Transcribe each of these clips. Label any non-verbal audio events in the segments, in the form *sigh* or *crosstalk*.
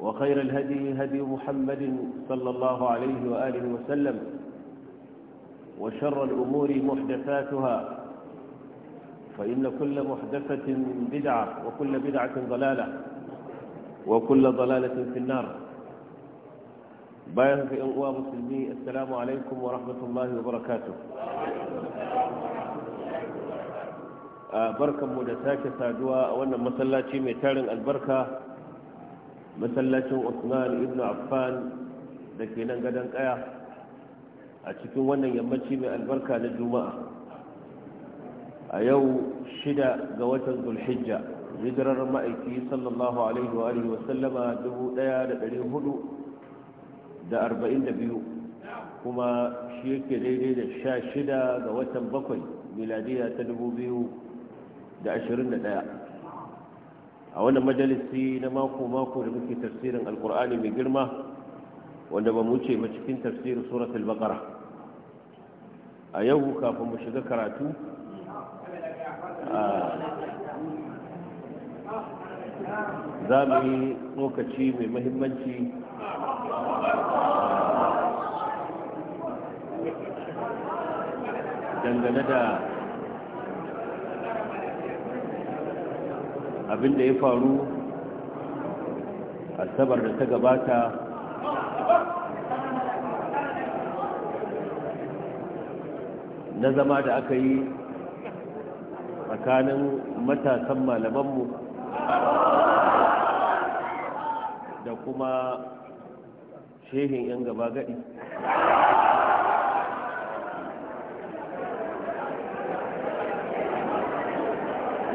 وخير الهدي هدي محمد صلى الله عليه وآله وسلم وشر الأمور محدثاتها فإن كل محدثة بدعة وكل بدعة ضلالة وكل ضلالة في النار بايعك في أنقوى مسلمي السلام عليكم ورحمة الله وبركاته آه، بركة مدساك سادوا وأن مسلاتي ميتارن البركة masallacin usman ibn affan da ke nan gadon kaya a cikin wannan yammaci mai albarka na juma'a a yau shida ga watan zulhijja hijirar ma'aiki sallallahu alaihi wa alihi wasallama 1442 kuma shi yake daidai da sha shida ga watan bakwai miladiya ta 2021 a wannan majalisi na mako-mako da muke tafsirin alkur'ani mai girma wanda ba mu ce ba cikin tafsirin suratul baqara a yau kafin mu shiga karatu za mu yi lokaci mai mahimmanci dangane da Abin da ya faru asabar da ta gabata na zama da aka yi tsakanin matasan malamanmu da kuma shehin 'yan gaba gadi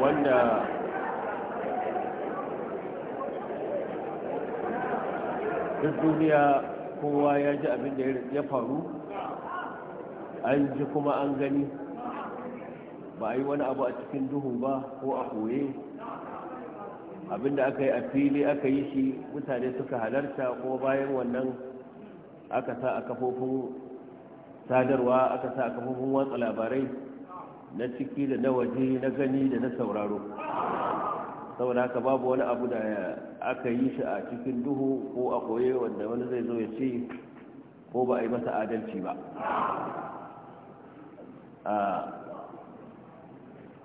wanda duk duniya kowa ya ji abin da ya faru an ji kuma an gani ba a yi wani abu a cikin duhu ba ko a koye abin da aka yi a fili aka yi shi mutane suka halarta ko bayan wannan aka sa a kafofin sadarwa aka sa a kafofin watsa labarai na ciki da na waje na gani da na sauraro saboda haka babu wani abu da aka yi shi a cikin duhu ko a koye wanda wani zai zo ya ce ko ba a yi masa adalci ba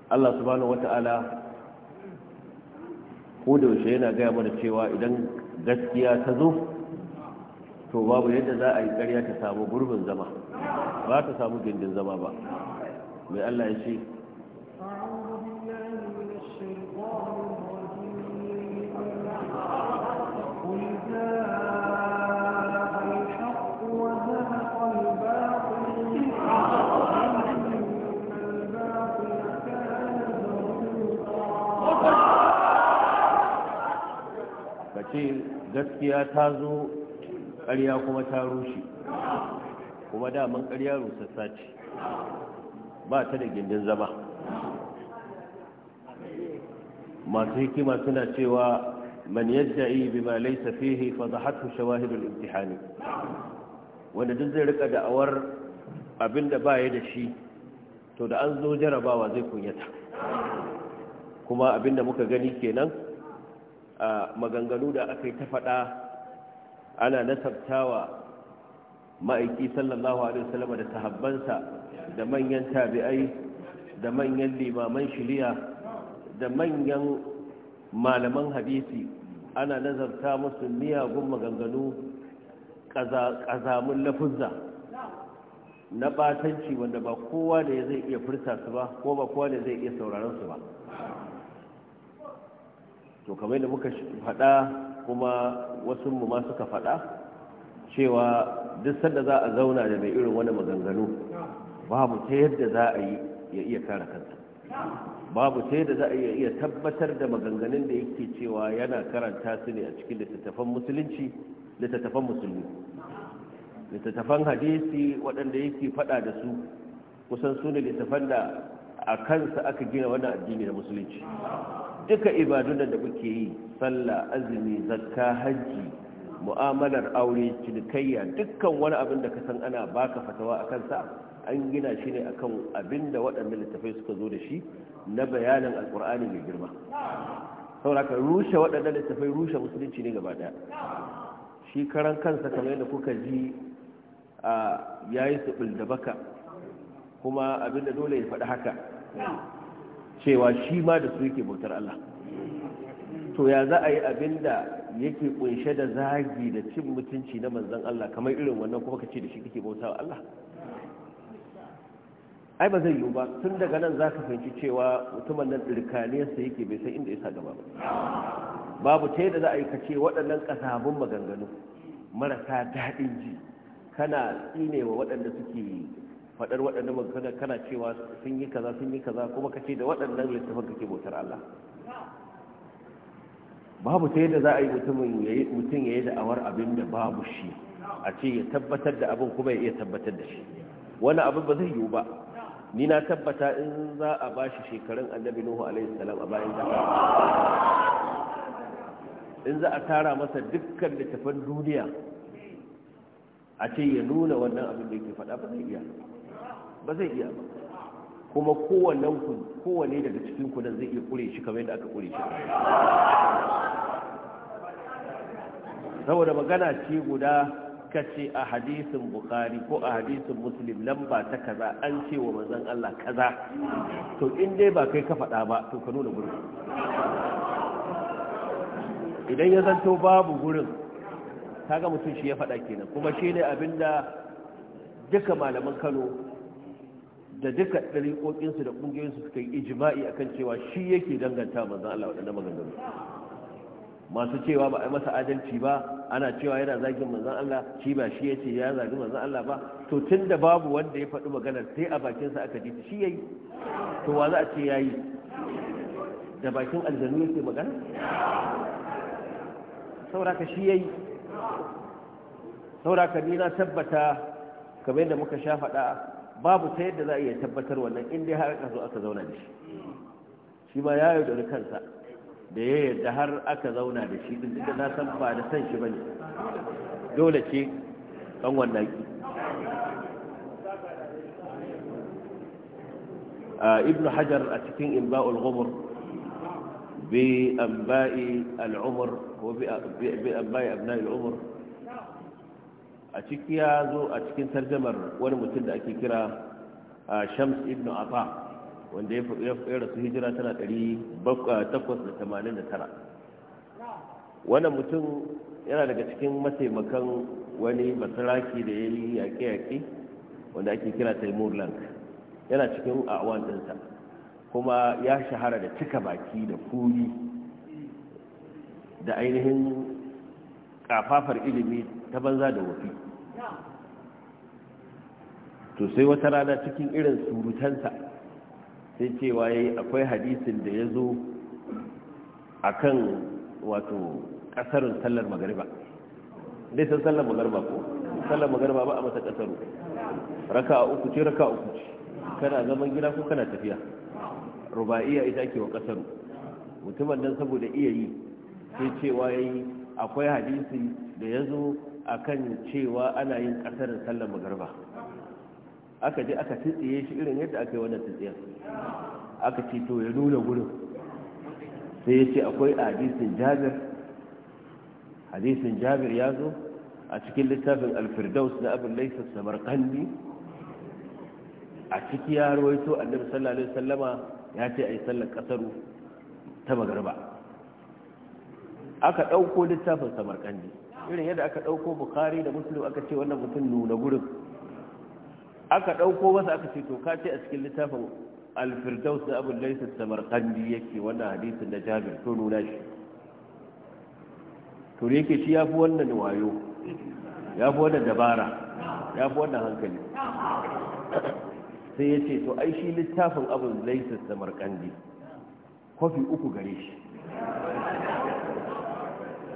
Allah subhanahu wata'ala ko da yaushe yana gaya mana cewa idan gaskiya ta zo to babu yadda za a yi karya ta samu gurbin zama ba ta samu gindin zama ba mai Allah ya ce ce gaskiya ta zo ƙarya kuma ta rushe kuma daman ƙarya rusassa ce ba ta da gindin zama masu hikima suna cewa man yadda'i bima laysa fihi fa hatu shawahidul imtihani wanda duk zai rika da'awar abinda baya da shi to da an zo jarabawa zai kunyata kuma abin da muka gani kenan maganganu da aka yi ta faɗa ana nasabtawa ma'aiki sallallahu alaihi wasallam da sahabbansa da manyan tabi'ai da manyan limaman shiriya da manyan malaman hadisi ana nazarta musu miyagun maganganu ƙazamun lafuzza na batanci wanda ba kowa da zai iya furta su ba ko ba kowa da zai iya sauraron su ba to kamar da muka faɗa kuma wasu mu ma suka faɗa cewa duk sanda za a zauna da mai irin wani maganganu babu ta yadda za a yi ya iya kare kansa babu ta yadda za a iya tabbatar da maganganun da yake cewa yana karanta su ne a cikin littattafan musulunci littattafan musulmi littattafan hadisi waɗanda yake faɗa da su kusan su ne littattafan da a kansa aka gina wannan addini da musulunci duka ibadun da muke yi sallah azumi zakka hajji mu'amalar aure cinikayya dukkan wani abin da ka san ana baka fatawa a kansa an gina shi ne akan abin da waɗannan littafai suka zo da shi na bayanin alkur'ani mai girma sauraka rushe waɗannan littafai rushe musulunci ne gaba ɗaya shi karan kansa kamar yadda kuka ji a yayi su baka kuma abin da dole ya faɗi haka cewa shi ma da su yake bautar Allah to ya za a yi abin da yake kunshe da zagi da cin mutunci na manzan Allah kamar irin wannan kuma ka ce da shi kake bauta wa Allah ai ba zai yiwu ba tun daga nan za ka fahimci cewa mutumin nan ɗirkaniyarsa yake bai san inda ya sa gaba ba babu ta yadda za a yi ka ce waɗannan ƙasabun maganganu marasa daɗin ji kana tsinewa waɗanda suke faɗar waɗanda magana kana cewa sun yi kaza sun yi kaza kuma kace da waɗannan littafin kake bautar Allah babu ta yadda za a yi mutum ya yi da'awar abin da babu shi a ce ya tabbatar da abin kuma ya iya tabbatar da shi wani abin ba zai yiwu ba ni na tabbata in za a ba shi shekarun annabi nuhu alaihi salam a bayan da in za a tara masa dukkan littafan duniya a ce ya nuna wannan abin da yake faɗa ba zai iya ba zai iya ba kuma kowannen ku kowanne daga cikin ku zai iya kure shi kamar yadda aka kure shi saboda magana ce guda kace a hadisin bukhari ko a hadisin muslim lamba ta kaza an ce wa manzon Allah kaza to in dai ba kai ka faɗa ba to ka nuna gurin idan ya zanto babu gurin kaga mutum shi ya faɗa kenan kuma shi ne abinda duka malaman Kano da duka ɗariƙoƙinsu da ƙungiyoyinsu suka yi ijima'i akan cewa shi yake danganta manzan Allah waɗanda maganganu masu cewa ba a yi masa adalci ba ana cewa yana zagin manzan Allah shi ba shi yace ya zagi manzan Allah ba to tun da babu wanda ya faɗi maganar sai a bakinsa aka ji shi yayi to wa za a ce yayi da bakin aljanu yake magana sauraka shi yayi sauraka ni na tabbata kamar yadda muka sha faɗa babu ta yadda za a iya tabbatar wannan in dai har aka zo aka zauna da shi shi ma ya yaudari kansa da ya yadda har aka zauna da shi din da na san ba da san shi ne dole ce ɗan wannan A ibn hajar a cikin imba'ul ghumur bi an bai umr ko bi an bai al-umr a ciki ya zo a cikin tarjamar wani mutum da ake kira shams ibn afa wanda ya rasu hijira tana 889 wannan mutum yana daga cikin mataimakan wani masaraki da ya yi yaƙe-yaƙe wanda ake kira taimur lank yana cikin awan ɗinsa kuma ya shahara da cika baki da kuri da ainihin kafafar ilimi ta banza da wafi to sai wata rana cikin irin surutansa sai cewa ya akwai hadisin da ya zo a kan wato kasarun sallar magariba dai san sallar magariba ko sallar magariba ba a mata kasaru raka a uku ce raka a uku ce kana zaman gida ko kana tafiya ruba'iya ita ke wa kasaru mutumin nan saboda iya yi sai cewa ya yi akwai hadisi da ya zo a kan cewa ana yin kasarun sallar magariba aka je aka tsitsiye shi irin yadda aka yi wannan tsitsiyar aka ce to ya nuna gurin sai ya ce akwai hadisin jabir hadisin jabir ya zo a cikin littafin alfirdaus na abin laisa samarkandi a ciki ya rawaito annabi sallallahu alaihi wasallama ya ce a yi sallar kasaru ta magarba aka ɗauko littafin samarkandi irin yadda aka ɗauko bukari da musulun aka ce wannan mutum nuna gurin aka ɗauko masa aka ce to ka ce a cikin littafin alfirdaus da abin laisa samarkandi yake wannan hadisin na jabir to nuna shi to yake shi ya fi wannan wayo ya fi wannan dabara ya fi wannan hankali sai ya ce to ai shi littafin abin laisa samarkandi kwafi uku gare shi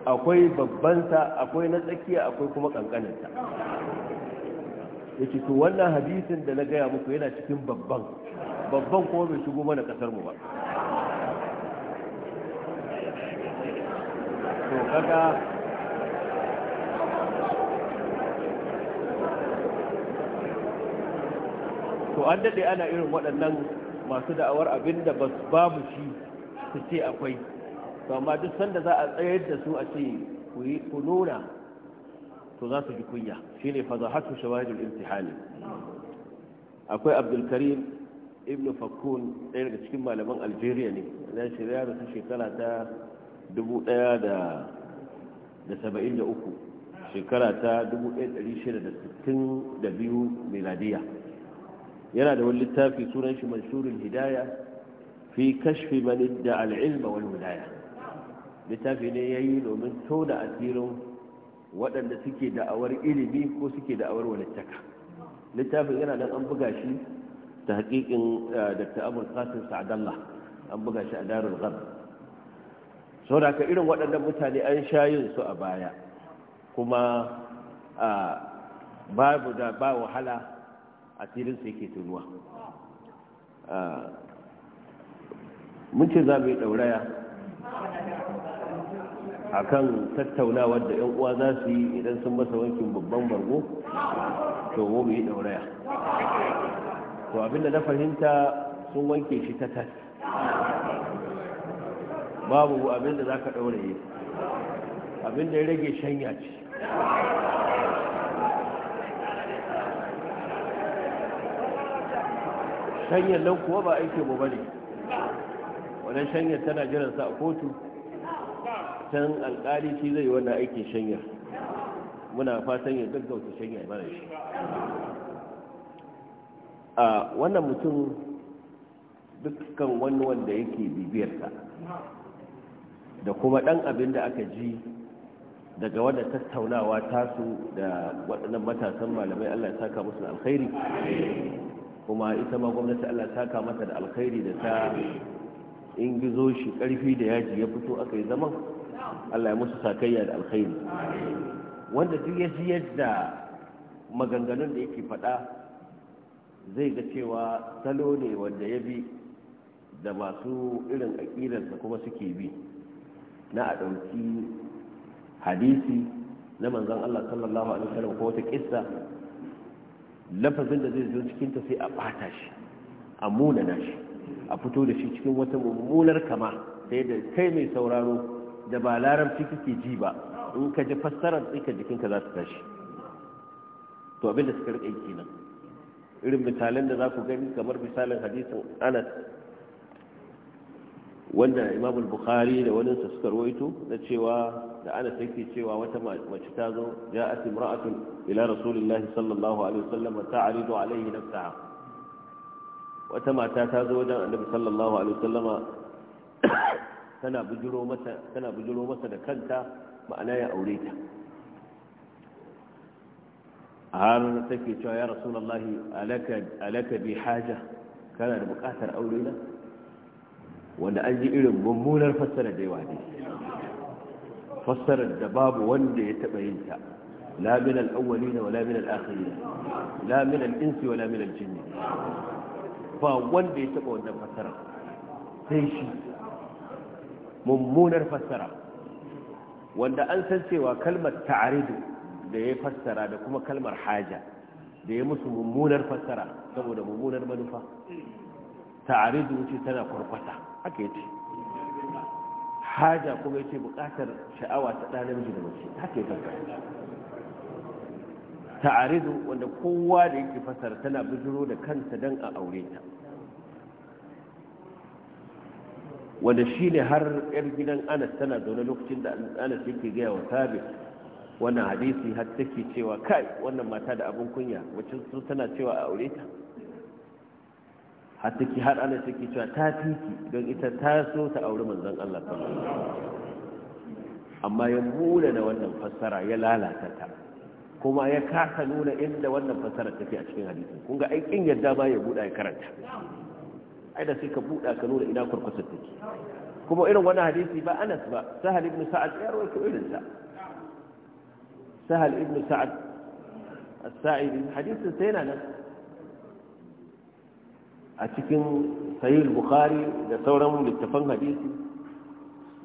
akwai babbansa akwai na tsakiya akwai kuma kankaninsa yace to wannan hadisin da na gaya muku yana cikin babban babban kuma bai shigo mana kasar mu ba to kaga to an dade ana irin waɗannan masu da'awar abinda ba babu shi su ce akwai to amma duk sanda za a tsayar da su a ce ku nuna to za su ji kunya shi shine fazahatu shawahidul imtihani akwai abdul karim ibn fakun ɗaya daga cikin malaman algeria ne na shirya da su shekara ta 1173 shekara ta 1662 miladiya yana da wani littafi sunan shi manshurin hidaya fi kashfi man da al'ilma wani hidaya littafi ne ya yi domin tona asirin waɗanda suke da'awar ilimi ko suke da'awar walittaka littafin yana nan an buga shi ta hakikin eh, dr abul qasim sa'adallah an buga shi a darul ghar saboda ka irin waɗannan mutane an sha yin su a baya kuma eh, babu da ba wahala a tirin su yake tunuwa eh, mun ce za mu yi ɗauraya akan tattaunawa da yan uwa za su yi idan sun masa wankin babban bargo to mu yi dauraya to abinda na fahimta sun wanke shi ta tas babu abinda za ka dauraye abinda ya rage shanya ce shanyar nan kuwa ba aiki mu bane wannan shanyar tana sa a kotu can alkali shi zai wannan aikin shanya muna fatan ya gaggauta shanya mara shi a wannan mutum dukkan wani wanda yake bibiyarsa da kuma ɗan abin da aka ji daga wadda tattaunawa tasu da waɗannan matasan malamai Allah ya saka musu alkhairi kuma ita ma gwamnati Allah ya saka mata da alkhairi da ta ingizo shi ƙarfi da yaji ya fito aka yi zaman Allah ya musu sakayya da alkhairi wanda duk ya ji yadda maganganun da yake faɗa zai ga cewa salo ne wanda ya bi da masu irin aƙidarsa kuma suke bi na a ɗauki hadisi na manzan Allah sallallahu alaihi wasallam ko wata kissa lafazin da zai zo cikinta sai a ɓata shi a munana shi a fito da shi cikin wata mummunar kama sai da kai mai sauraro da ba larabci kake ji ba in ka ji fassarar tsika jikinka za su tashi to abin da suka rika yi kenan irin misalan da za ku gani kamar misalin hadisin anas wanda imam bukhari da waninsa suka rawaito na cewa da anas yake cewa wata mace ta zo ja'at imra'atun ila rasulillahi sallallahu alaihi wasallam ta'ridu alaihi nafsaha wata mata ta zo wajen annabi sallallahu alaihi wasallama tana bujiro masa tana bujiro masa da kanta ma'ana ya aure ta har take cewa ya rasulullahi alaka alaka bi haja kana da buƙatar aure na wanda an ji irin mummunar fassara da yawa ne Fassara da babu wanda ya taɓa yin ta لا من الأولين ولا من الآخرين لا من الإنس Ba wanda ya فأول بيتبع fassara. Sai shi. mummunar fassara wanda an san cewa kalmar ta'aridu da ya fassara da kuma kalmar haja da ya musu mummunar fassara saboda mummunar manufa ta'aridu ce tana kwarkwata haka yace haja kuma yace bukatar sha'awa ta ɗan namiji da mace haka ya fassara ta'aridu wanda kowa da yake fassara tana bijiro da kanta dan a aure ta wanda shi ne har yar gidan anas tana zaune lokacin da anas yake gaya wa sabi wannan hadisi har take cewa kai wannan mata da abin kunya wacce sun tana cewa a aure ta har take har anas take cewa ta fiki don ita ta so ta aure manzan Allah sallallahu amma ya mula da wannan fassara ya lalata ta kuma ya kasa nuna inda wannan fassara take a cikin hadisi, kun ga aikin yadda ba ya buɗa ya karanta ai da sai ka buɗa ka nuna ina kwarkwatar take kuma irin wani hadisi ba anas ba sahal ibn sa'ad ya rawaito irin sa sahal ibn sa'ad as-sa'idi hadisin sai yana nan a cikin sahih bukhari da sauran littafan hadisi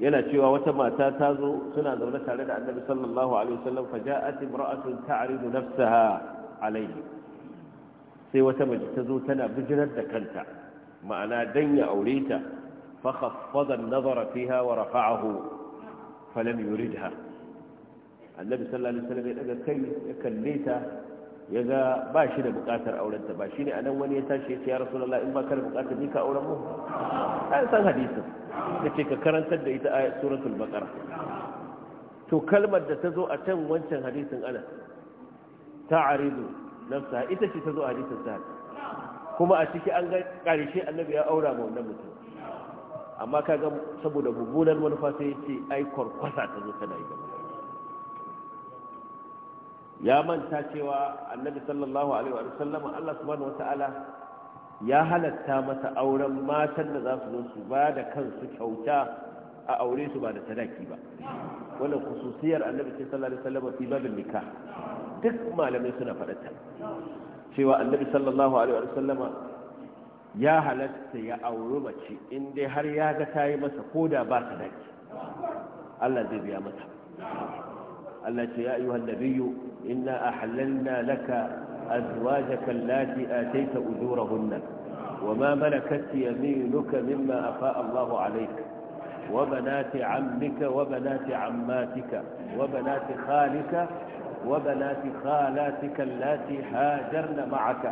yana cewa wata mata ta zo suna zaune tare da annabi sallallahu alaihi wasallam fa imra'atun ta'ridu nafsaha alaihi sai wata mace ta zo tana bijirar da kanta ma'ana dan ya aure ta fa khaffada an-nazara fiha wa rafa'ahu falam yuridha annabi sallallahu alaihi wasallam ya daga kai ya kalle ta ya ga ba shi da bukatar auren ta ba shine anan wani ya tashi ya ce ya rasulullahi in ba ka da bukatar ni ka auren mu an san hadisin yace ka karantar da ita ayat suratul baqara to kalmar da ta zo a can wancan hadisin ana ta'aridu nafsa ita ce ta zo a hadisin sahih kuma a ciki an ga ƙarshe annabi ya aura ma wannan mutum amma ka ga saboda mummunan manufa sai ce ai kwarkwasa ta zo tana yi gaba ya manta cewa annabi sallallahu alaihi wa sallam Allah subhanahu ta'ala ya halatta masa auren matan da za su zo su ba da kansu kyauta a aure su ba da sadaki ba wannan khususiyar annabi sallallahu alaihi wa sallam fi babin nikah duk malamai suna faɗa ta cewa annabi sallallahu alaihi wa ya halatta ya auri mace in dai har ya ga ta yi masa ko da ba ta daki Allah zai biya mata Allah ce ya ayyuhan nabiyyu inna ahallalna laka azwajaka allati ataita ujurahunna وما ملكت يمينك مما أفاء الله عليك وبنات عمك وبنات عماتك وبنات خالك وبنات خالاتك اللاتي هاجرن معك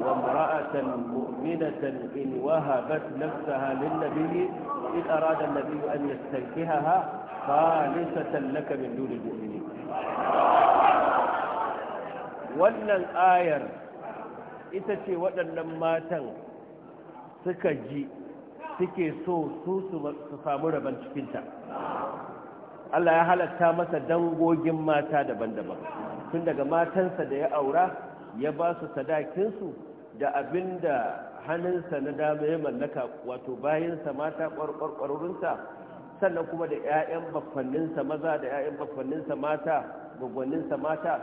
وامرأة مؤمنة إن وهبت نفسها للنبي إن أراد النبي أن يستنكهها خالصة لك من دون المؤمنين wannan ayar ita ce waɗannan matan suka ji suke so su su samu rabon cikinta Allah ya halatta masa dangogin mata daban-daban tun daga matansa da ya aura ya ba su sadakinsu da abin da hannunsa na dama ya mallaka wato bayansa mata ƙwarƙwarƙwarorinsa sannan kuma da 'ya'yan bakwanninsa maza da 'ya'yan bakwanninsa mata gwagwanninsa mata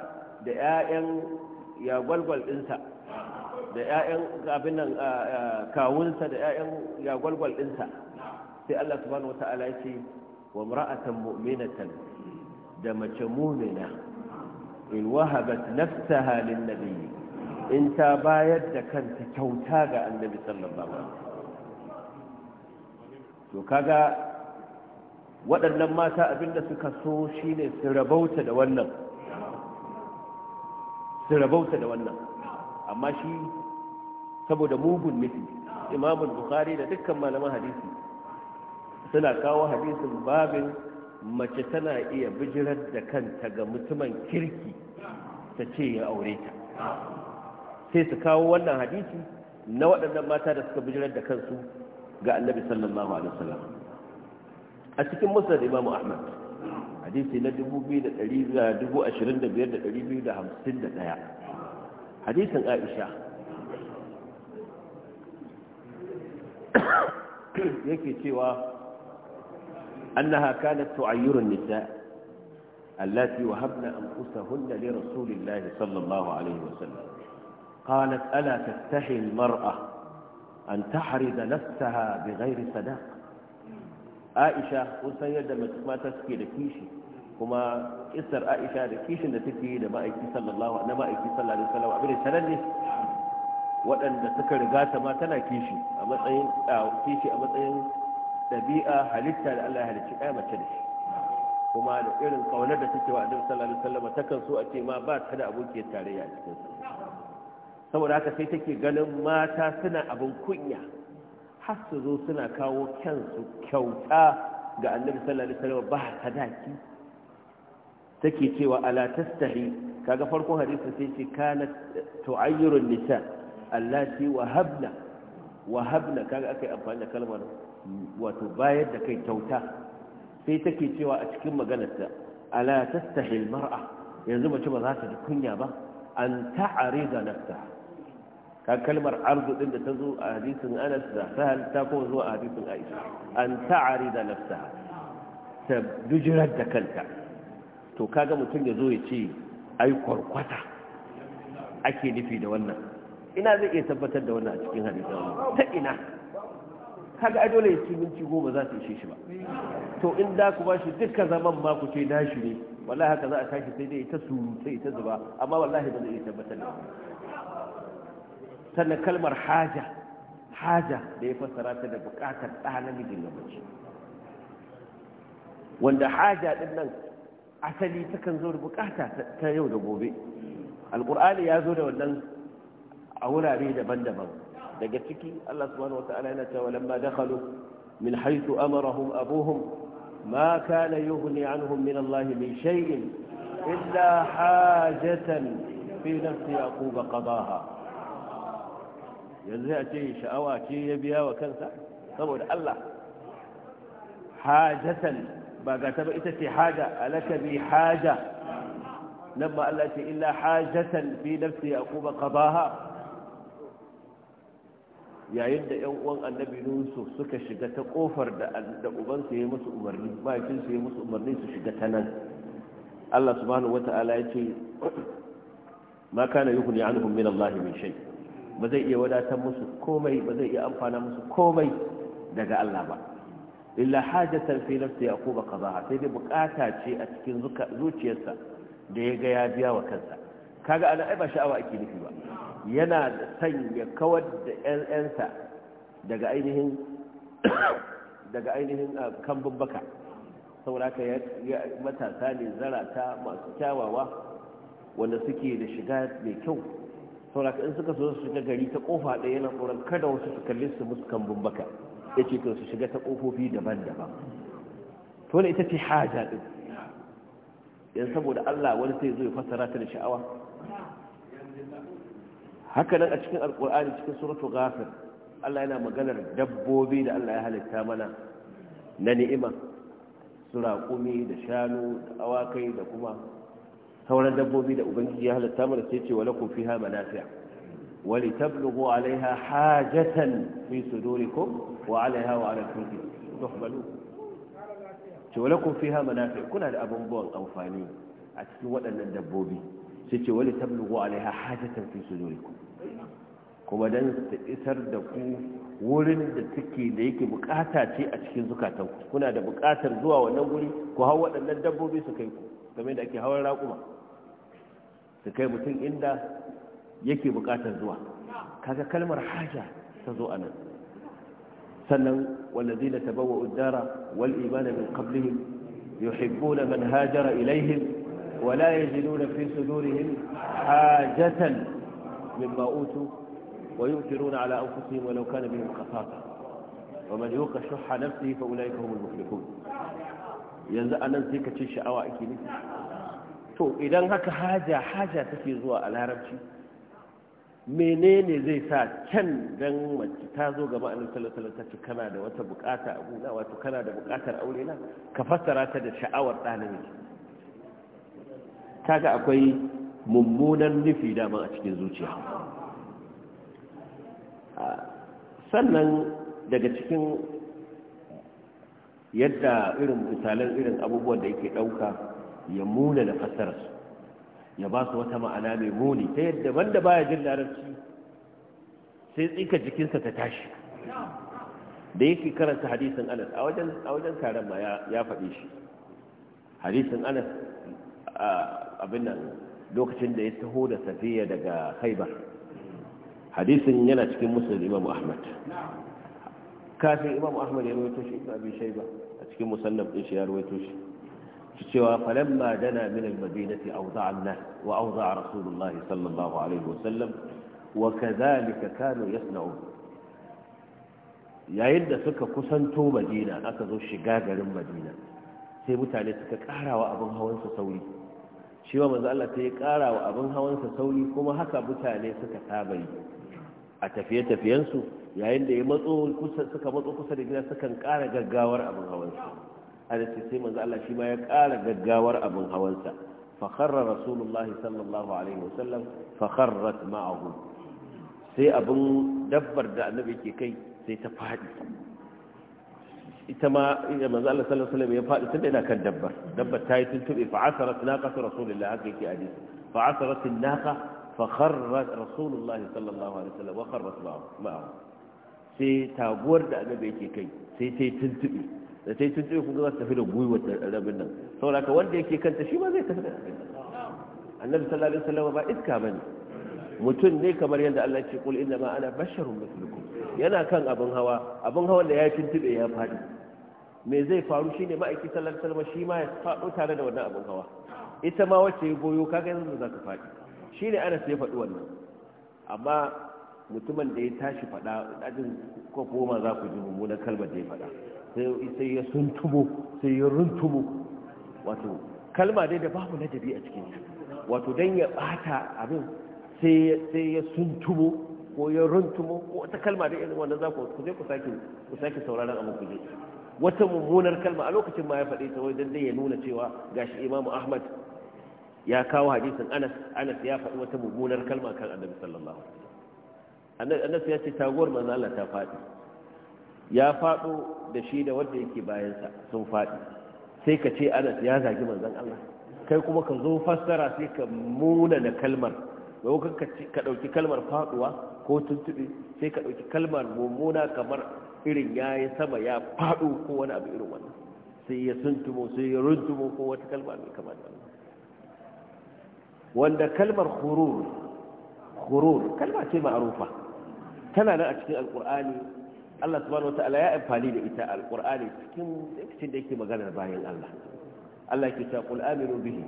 da 'ya'yan yagwalgwal ɗinsa da 'ya'yan abin nan kawunsa da 'ya'yan yagwalgwal ɗinsa sai Allah subhanahu wata'ala ya ce wa mura'atan mu'minatan da mace mumina in wahabat nafsaha lin nabiyyi in ta bayar da kanta kyauta ga annabi sallallahu alaihi to kaga waɗannan mata abinda suka so shine su rabauta da wannan su rabauta da wannan amma shi saboda mugun nufi imamul bukhari da dukkan malaman hadisi suna kawo hadisin babin mace tana iya bijirar da kanta ga mutumin kirki ta ce ya aure ta sai su kawo wannan hadisi na waɗannan mata da suka bijirar da kansu ga annabi sallallahu alaihi wasallam a cikin musnad imam ahmad hadisi na 22,255 hadisin aisha *coughs* yake cewa أنها كانت تعير النساء التي وهبن أنفسهن لرسول الله صلى الله عليه وسلم قالت ألا تستحي المرأة أن تحرز نفسها بغير صداق عائشة وسيدة ما تسكي لكيشي kuma ƙisar aisha da kishin da take yi da ma'aiki sallallahu sallallahu alaihi wasallam abin sanan ne waɗanda suka riga ta ma tana kishi a matsayin a matsayin ɗabi'a halitta da Allah ya halicci ɗaya mace da shi kuma da irin kaunar da take wa annabi sallallahu alaihi wasallam takan so a ce ma ba ta da abokiyar tarayya a cikin saboda haka sai take ganin mata suna abun kunya har su zo suna kawo kyansu kyauta ga annabi sallallahu alaihi wasallam ba sadaki take cewa ala tastahi kaga farkon hadisi sai ce kana tu'ayyirun nisa allati wahabna wahabna kaga akai amfani da kalmar wato bayar da kai kyauta sai take cewa a cikin maganarta ala tastahil mar'a yanzu mace ba za ta ji kunya ba an ta'arida nafsa ka kalmar arzu din da ta zo a hadisin Anas da Sahal ta ko zo a hadisin Aisha an ta'arida nafsa ta dujirar da kanta to kaga mutum ya zo ya ce ai kwarkwata ake nufi da wannan ina zai iya tabbatar da wannan a cikin hadisin ta ina kaga dole ya ci minti goma za su ishe shi ba to in da ku bashi dukkan zaman ma ku ce shi ne wallahi haka za a tashi sai dai ita sai ta zuba amma wallahi ba zai iya tabbatar da sannan kalmar haja haja da ya fassara ta da bukatar ɗa namijin na mace wanda haja ɗin nan asali takan zo da bukata ta yau da gobe alkur'ani ya zo da wannan a wurare daban-daban دقتكي الله سبحانه وتعالى ولما دخلوا من حيث أمرهم أبوهم ما كان يغني عنهم من الله من شيء إلا حاجة في نفس يعقوب قضاها يزيأتي شأواتي يبيا وكنسا طبعا الله حاجة بقى تبئتك حاجة ألك بي حاجة لما ألت إلا حاجة في نفس يعقوب قضاها yayin da yan uwan annabi yusuf suka shiga ta kofar da ubansu ya musu umarni mahaifinsu ya musu umarni su shiga ta nan Allah subhanahu wata'ala ya ce ma kana yughni anhum min Allah min shai. ba zai iya wadatar musu komai ba zai iya amfana musu komai daga Allah ba illa hajatan fi nafsi yaquba qadaha sai dai bukata ce a cikin zuciyarsa da ya ga ya biya wa kansa kaga ana ai ba sha'awa ake nufi ba yana da san ya kawar da ƴan'ansa daga ainihin daga ainihin ah, kambun baka sauraka matasa ne zarata masu kyawawa wanda suke da shiga mai kyau sauraka in suka so su shiga gari ta kofa ɗaya yana tsoron kada wasu su kalli su musu kambun baka ya ce su shiga ta kofofi daban-daban to ita ce haja din? yan saboda allah wani sai zo ya fassara ta da sha'awa haka nan a cikin alkur'ani cikin suratu ghafir Allah yana maganar dabbobi da Allah ya halitta mana na ni'ima su raƙumi da shanu da awakai da kuma sauran dabbobi da ubangiji ya halitta mana sai ce wala kun fiha manafi'a wali tablughu alaiha hajatan fi sudurikum wa alaiha wa ala kulli tuhmalu ce wala kun fiha manafi'a kuna da abubuwan amfani a cikin waɗannan dabbobi sai ce wali tablugu alaiha hajatan fi sudurikum kuma dan ta isar da ku wurin da take da yake bukata ce a cikin zukatanku kuna da bukatar zuwa wannan guri ku hau waɗannan dabbobi su kai ku game da ake hawan raƙuma su kai mutum inda yake bukatar zuwa kaga kalmar haja ta zo a nan sannan wallazina tabawwa'u ad-dara wal imana min qablihim yuhibbuna man hajara ilaihim ولا يجدون في صدورهم حاجة مما أوتوا ويؤثرون على أنفسهم ولو كان بهم خصاصة ومن يوق شح نفسه فأولئك هم المفلحون ينزأ نفسه كتش أوائك تو إذن هك حاجة حاجة تفي زواء العرب menene zai sa can dan mace ta zo gaba a nan talatal ta ce kana da wata bukata a gona wato kana da bukatar kaga akwai mummunan nufi dama a cikin zuciya sannan daga cikin yadda irin misalan irin abubuwan da yake ɗauka ya muna da fassararsu ya ba su wata ma'ana mai muni ta yadda wanda baya jin larabci sai tsika jikinsa ta tashi da yake karanta hadisin anas a wajen taron ma ya faɗi shi hadisin anas abin nan lokacin da ya taho da safiya daga haibar hadisin yana cikin musulun imam ahmad kafin imam ahmad ya rawaito shi ibn abi shayba a cikin musannaf din shi ya rawaito shi shi cewa falamma dana min al-madinati awza'na wa awza'a rasulullah sallallahu alaihi wa sallam wa kadhalika kanu yasna'un yayin da suka kusanto madina aka zo shiga garin madina sai mutane suka karawa abin hawan su sauri shi wa Allah ta yi ƙara wa abin hawansa sauri kuma haka mutane suka saba yi a tafiye-tafiyensu yayin da ya matso kusa suka matso kusa da gida sukan ƙara gaggawar abin hawansa ana ce sai manzo Allah shi ma ya ƙara gaggawar abin hawansa fa kharra rasulullahi sallallahu alaihi wasallam fa kharrat ma'ahu sai abin dabbar da annabi ke kai sai ta fadi ita ma ya manzo Allah sallallahu alaihi wasallam ya faɗi tunda yana kan dabbar dabbar ta yi tuntube fa asarat naqatu rasulillahi haka yake hadisi fa asarat naqa fa kharra rasulullahi sallallahu alaihi wasallam wa kharrat ma'ahu sai taguwar da annabi ke kai sai sai tuntube da sai tuntube kuma za ta tafi da gwiwar rabin nan saboda ka wanda yake kanta shi ma zai tafi da rabin annabi sallallahu alaihi wasallam ba iska bane mutum ne kamar yadda Allah ce kul inna ma ana basharun mislukum yana kan abin hawa abin hawa da ya tuntube ya faɗi me zai faru shine ma'aiki sallar salma shi ma ya faɗo tare da wannan abin hawa ita ma wacce ya goyo kaga yanzu za ka faɗi shi ne ana sai faɗi wannan amma mutumin da ya tashi faɗa ɗajin ko goma za ku ji mummunan kalmar da ya faɗa sai ya suntumo sai ya runtumo wato kalma dai da babu ladabi a cikin wato dan ya ɓata abin sai ya suntumo ko ya runtumo ko wata kalma dai irin wannan za ku je ku sake sauraron abin ku je wata mummunar kalma a lokacin ma ya faɗe ta wai dan dai ya nuna cewa gashi imamu ahmad ya kawo hadisin anas anas ya faɗi wata mummunar kalma kan annabi sallallahu alaihi anas ya ce taguwar manzo Allah ta faɗi ya faɗo da shi da wanda yake bayansa sun faɗi sai ka ce anas ya zagi manzon Allah kai kuma ka zo fassara sai ka muna da kalmar bai ka ɗauki kalmar faduwa ko tuntuɓe sai ka ɗauki kalmar mummuna kamar irin ya yi sama ya faɗo ko wani abu irin wannan sai ya suntumo sai ya runtumo ko wata kalma mai kama da wanda kalmar hurur hurur kalma ce ma'arufa tana nan a cikin alƙur'ani Allah subhanahu wata'ala ya amfani da ita Alƙur'ani cikin lokacin da yake magana bayan Allah Allah ke ta qul aminu bihi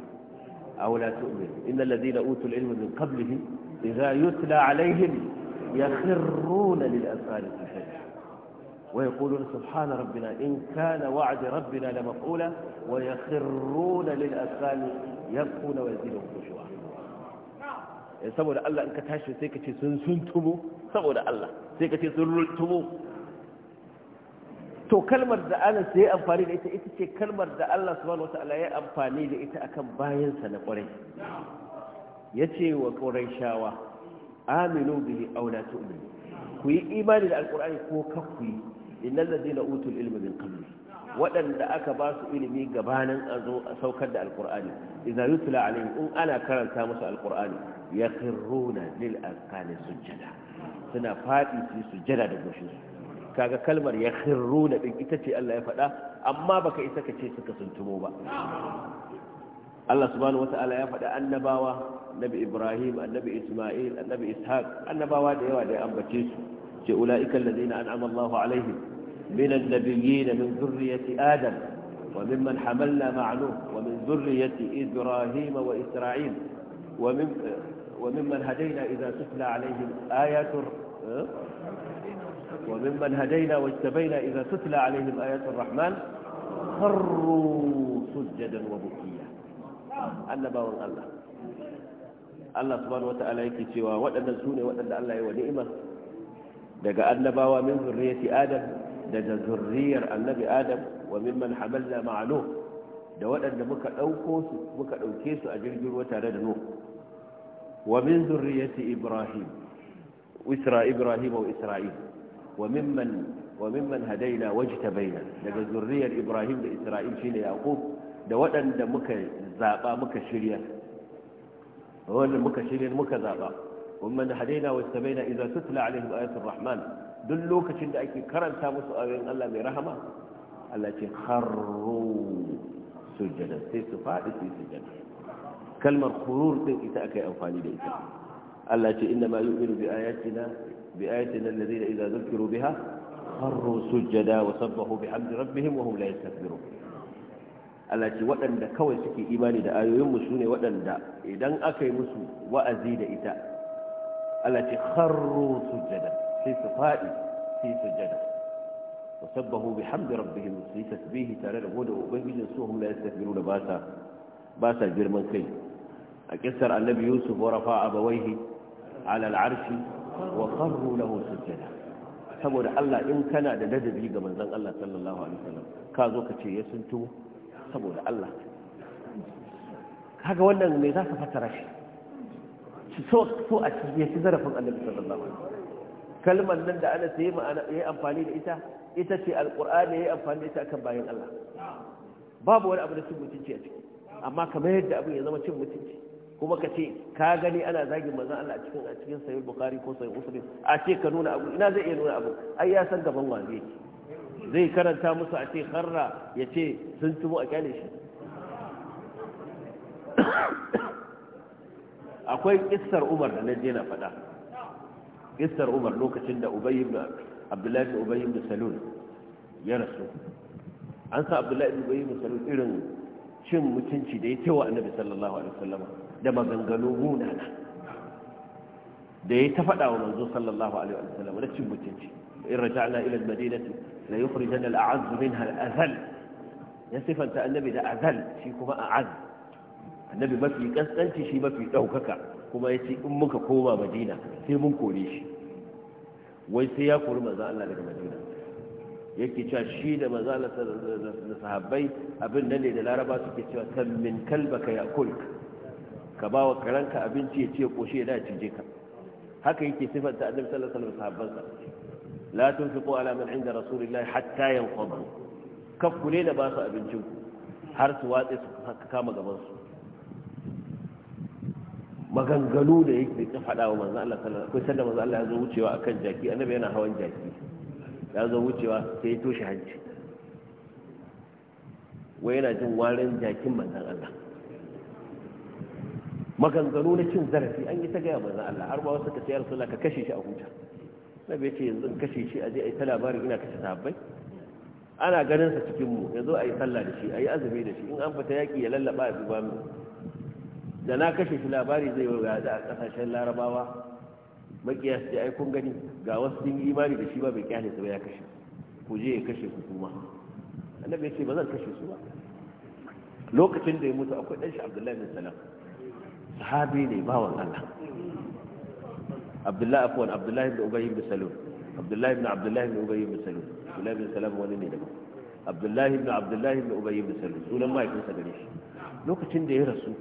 aw la tu'minu innal ladina utul ilma min qablihi idza yutla alaihim yakhruna lil asfari sujud ويقولون سبحان ربنا إن كان وعد ربنا لمفعولا ويخرون للأسفال يبقون ويزيلون خشوعا إيه، سبو الله إن كتاشوا سيكتي سنسنتمو سبو الله سيكتي سنرلتمو تو كلمة ذا أنا سيئة أمفاني لإيتا إيتا كلمة ذا الله سبحانه وتعالى يا أمفاني لإيتا أكم باين سنة قري يتي وقري شاوة به أو لا تؤمنوا كوي إيمان للقرآن كوي innal ladina utul ilma min qabli waɗanda aka ba su ilimi gabanin a zo a saukar da alqur'ani idza yutla alaihim in ana karanta musu alqur'ani yakhruna lil azqani sujada suna fadi su sujada da goshin su kaga kalmar yakhruna din ita ce Allah ya faɗa amma baka isa ka ce suka suntumo ba Allah subhanahu wata'ala ya faɗa annabawa annabi Ibrahim annabi Isma'il annabi Ishaq annabawa da yawa da ya ambace su ce ula'ika allazina an'ama Allahu alaihim من النبيين من ذرية آدم وممن حملنا مع ومن ذرية إبراهيم وإسرائيل ومن وممن هدينا إذا تتلى عليهم آيات وممن هدينا واجتبينا إذا تتلى عليهم آيات الرحمن خروا سجدا وبكيا annabawan Allah الله سبحانه وتعالى yake cewa waɗannan su ne waɗanda Allah ya wa من ذرية آدم daga zurriyar annabi adam wa mimman hamalna ma'ano da waɗanda muka ɗauko su muka ɗauke su a jirgin ruwa tare da nuh wa min zurriyati ibrahim isra ibrahim wa isra'il wa mimman wa mimman hadaina wajtabaina daga zurriyar ibrahim da isra'il shine yaqub da waɗanda muka zaba muka shirya wanda muka shirya muka zaba ومن هدينا واستبينا إذا تتلى عليهم آيات الرحمن duk lokacin da ake karanta musu ayoyin Allah mai rahama Allah ce kharru sujada sai su faɗi sai su sujada kalmar khurur din ita aka yi amfani da ita Allah ce inna ma yu'minu bi ayatina bi ayatina alladhina idza zukiru biha kharru sujada wa sabbahu bihamdi rabbihim wa hum la yastakbirun Allah ce waɗanda kawai suke imani da ayoyin mu sune waɗanda idan aka yi musu wa'azi da ita Allah ce kharru sujada sai su faɗi sai su jada wa sabbahu bi hamdi rabbihim sai tasbihi tare da gode wa ubangijin su hum la yastakbiru da basa ba sa girman kai a kissar annabi yusuf wa rafa abawaihi ala al'arshi wa qarru lahu sujada saboda Allah in kana da ladabi ga manzon Allah sallallahu ka zo ka ce ya suntu saboda Allah kaga wannan me za ka fassara shi so a cikin zarafin annabi sallallahu kalmar nan da ana sai ya amfani da ita ita ce alƙur'ani ya yi amfani da ita akan bayan Allah babu wani abu da cin mutunci a ciki amma kamar yadda abin ya zama cin mutunci kuma ka ce ka gani ana zagin manzon Allah a cikin a cikin sahih bukhari ko sahih muslim a ce ka nuna abu ina zai iya nuna abu ai ya san gaban wanzu yake zai karanta musu a ce kharra ya ce sun tumo a kyale shi *coughs* akwai kissar umar da na je na faɗa Kistar umar lokacin da ubayi da abdullahi ubayi da salul ya rasu an sa abdullahi ubayi da Salon irin cin mutunci da ya ce wa annabi sallallahu alaihi wasallam da maganganu munana da ya ta faɗa wa manzo sallallahu alaihi wasallam da cin mutunci in raja'na ila al-madinati la yukhrijanna al-a'azz minha al-azal ya sifanta annabi da azal shi kuma a'az annabi mafi kaskanci shi mafi daukaka kuma ya ce in muka koma madina sai mun kore shi wai sai ya kori maza Allah daga madina yake cewa shi da maza Allah da sahabbai abin nan ne da laraba suke cewa san min kalbaka ya kulka ka ba wa karanka abinci ya ce koshe ya dace je ka haka yake sifanta annabi sallallahu alaihi wasallam sahabbansa la tunfiqu ala man inda rasulillahi hatta yanqadu kaf da ba su abincin har su watse su kama gaban su maganganu da yake da faɗa wa manzo Allah sallallahu alaihi wasallam manzo Allah ya zo wucewa akan jaki annabi yana hawan jaki ya zo wucewa sai ya toshe hanci wai yana jin warin jakin manzo Allah maganganu na cin zarafi an yi ta gaya manzo Allah har ba wasu ka sai rasulullah ka kashe shi a huta annabi ya ce yanzu in kashe shi a je a yi ta labarin ina kashe sahabbai ana ganin sa cikin mu yanzu a yi sallah da shi a yi azumi da shi in an fita yaƙi ya lallaba a duba mu da na kashe shi labari zai waya da kasashen larabawa makiya su ai kun gani ga wasu sun yi imani da shi ba bai kyale su ba ya kashe ku je ya kashe ku kuma annabi ya ce ba zan kashe su ba lokacin da ya mutu akwai dan shi Abdullahi bin Salam sahabi ne bawan Allah Abdullahi afwan Abdullahi bin Ubay bin Salul Abdullahi bin Abdullahi bin Ubay bin Salul Abdullahi bin Salam wani ne daban Abdullahi bin Abdullahi bin Ubay bin Salul sunan mahaifinsa gare shi lokacin da ya rasu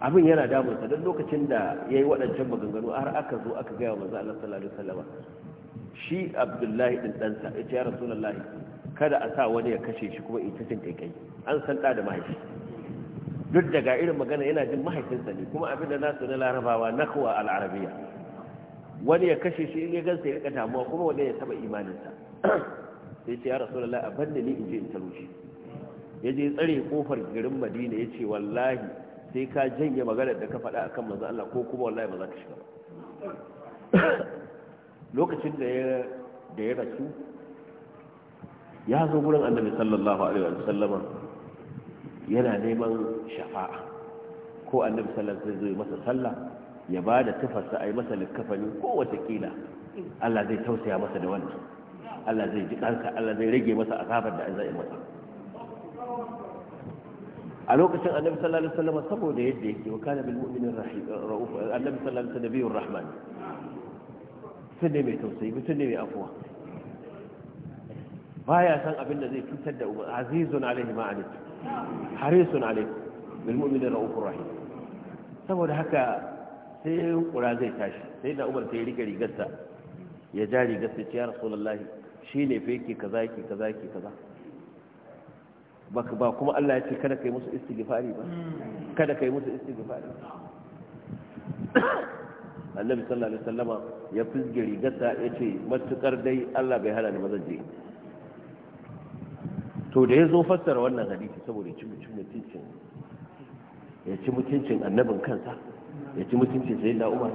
abin yana damunsa don lokacin da ya yi waɗancan maganganu har aka zo aka gaya wa Allah sallallahu alaihi wasallam shi abdullahi ɗin ɗansa ya ce ya rasulullahi kada a sa wani ya kashe shi kuma ita cin kai an san ɗa da mahaifi duk daga irin magana yana jin mahaifinsa ne kuma abin da nasu na larabawa na al al'arabiya wani ya kashe shi in ya gansa ya rika damuwa kuma wani ya taɓa imaninsa sai ce ya rasulullahi a banda ni in je in taro shi ya je tsare kofar garin madina ya ce wallahi sai ka janye magana da ka faɗa akan manzo Allah ko kuma wallahi ba za ka shiga ba lokacin da ya da ya rasu ya zo gurin annabi sallallahu alaihi wa sallama yana neman shafa'a ko annabi sallallahu alaihi zai masa sallah ya ba da tufarsa ai masa likafani ko kila Allah zai tausaya masa da wannan Allah zai ji kanka Allah zai rage masa azabar da an zai masa a lokacin annabi sallallahu alaihi wasallam saboda yadda yake wa kana bil mu'minin eh, rauf eh, annabi sallallahu alaihi wasallam biyur rahman mutum ne mai tausayi mutum ne mai afuwa baya san abin da zai cutar da umar azizun alaihi ma alaihi harisun alaihi bil mu'minin raufur rahim saboda haka sai kura zai tashi sai da umar sai rike rigarsa ya ja rigarsa ce ya rasulullahi shine fa yake kaza yake kaza yake kaza ba kuma Allah ya ce kada ka yi musu istighfari ba kada ka yi musu istighfari *coughs* annabi sallallahu alaihi wasallama ya fizge rigarsa ya ce matukar dai Allah bai hana ni mazan je to da ya zo fassara wannan hadisi saboda ci mutuncin ya ci mutuncin annabin kansa ya ci mutuncin sayyidina Umar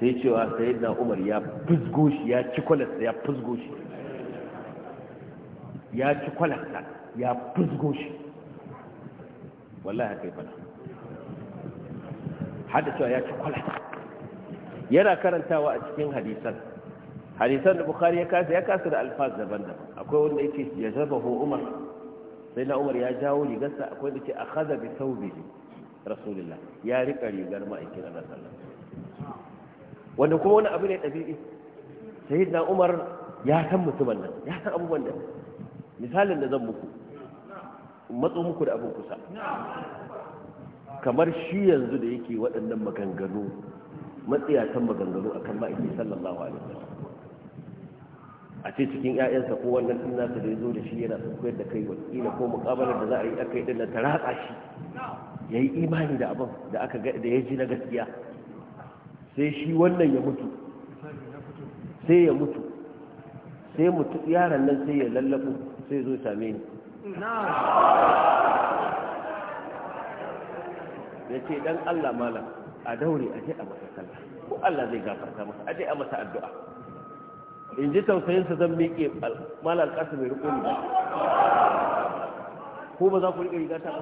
sai cewa sayyidina Umar ya fizgo shi ya ci kwalas ya fizgo shi ya ci kwalas ya fusgo shi wallahi haka yi fada hada ya ci kwala yana karantawa a cikin hadisan hadisan da bukari ya kasa ya kasa da alfaz daban-daban akwai wanda ya ce ya zaba ho umar sai na umar ya jawo rigarsa akwai da ce a haza bi sau biyu rasulullah ya riƙa rigar ma'aikin na sallar wanda kuma wani abu ne ɗabi'i sai na umar ya san mutumin nan ya san abubuwan da misalin da zan muku matso muku da abin kusa kamar shi yanzu da yake waɗannan maganganu matsiyatan maganganu akan ma'aiki sallallahu alaihi wasallam a ce cikin ƴaƴansa ko wannan ɗin nasa da ya zo da shi yana sun koyar da kai wakila ko muƙabalar da za a yi aka yi din ta ratsa shi yi imani da abin da aka ga da ji na gaskiya sai shi wannan ya mutu sai ya mutu sai mutu yaran nan sai ya lallafo sai zo same ni ya ce dan Allah malam a daure a je a masa sallah ko Allah zai gafarta masa a je a masa addu'a in ji tausayinsa zan miƙe malar ƙasa mai riƙo ne ba ko ba za ku riƙa riga ta ba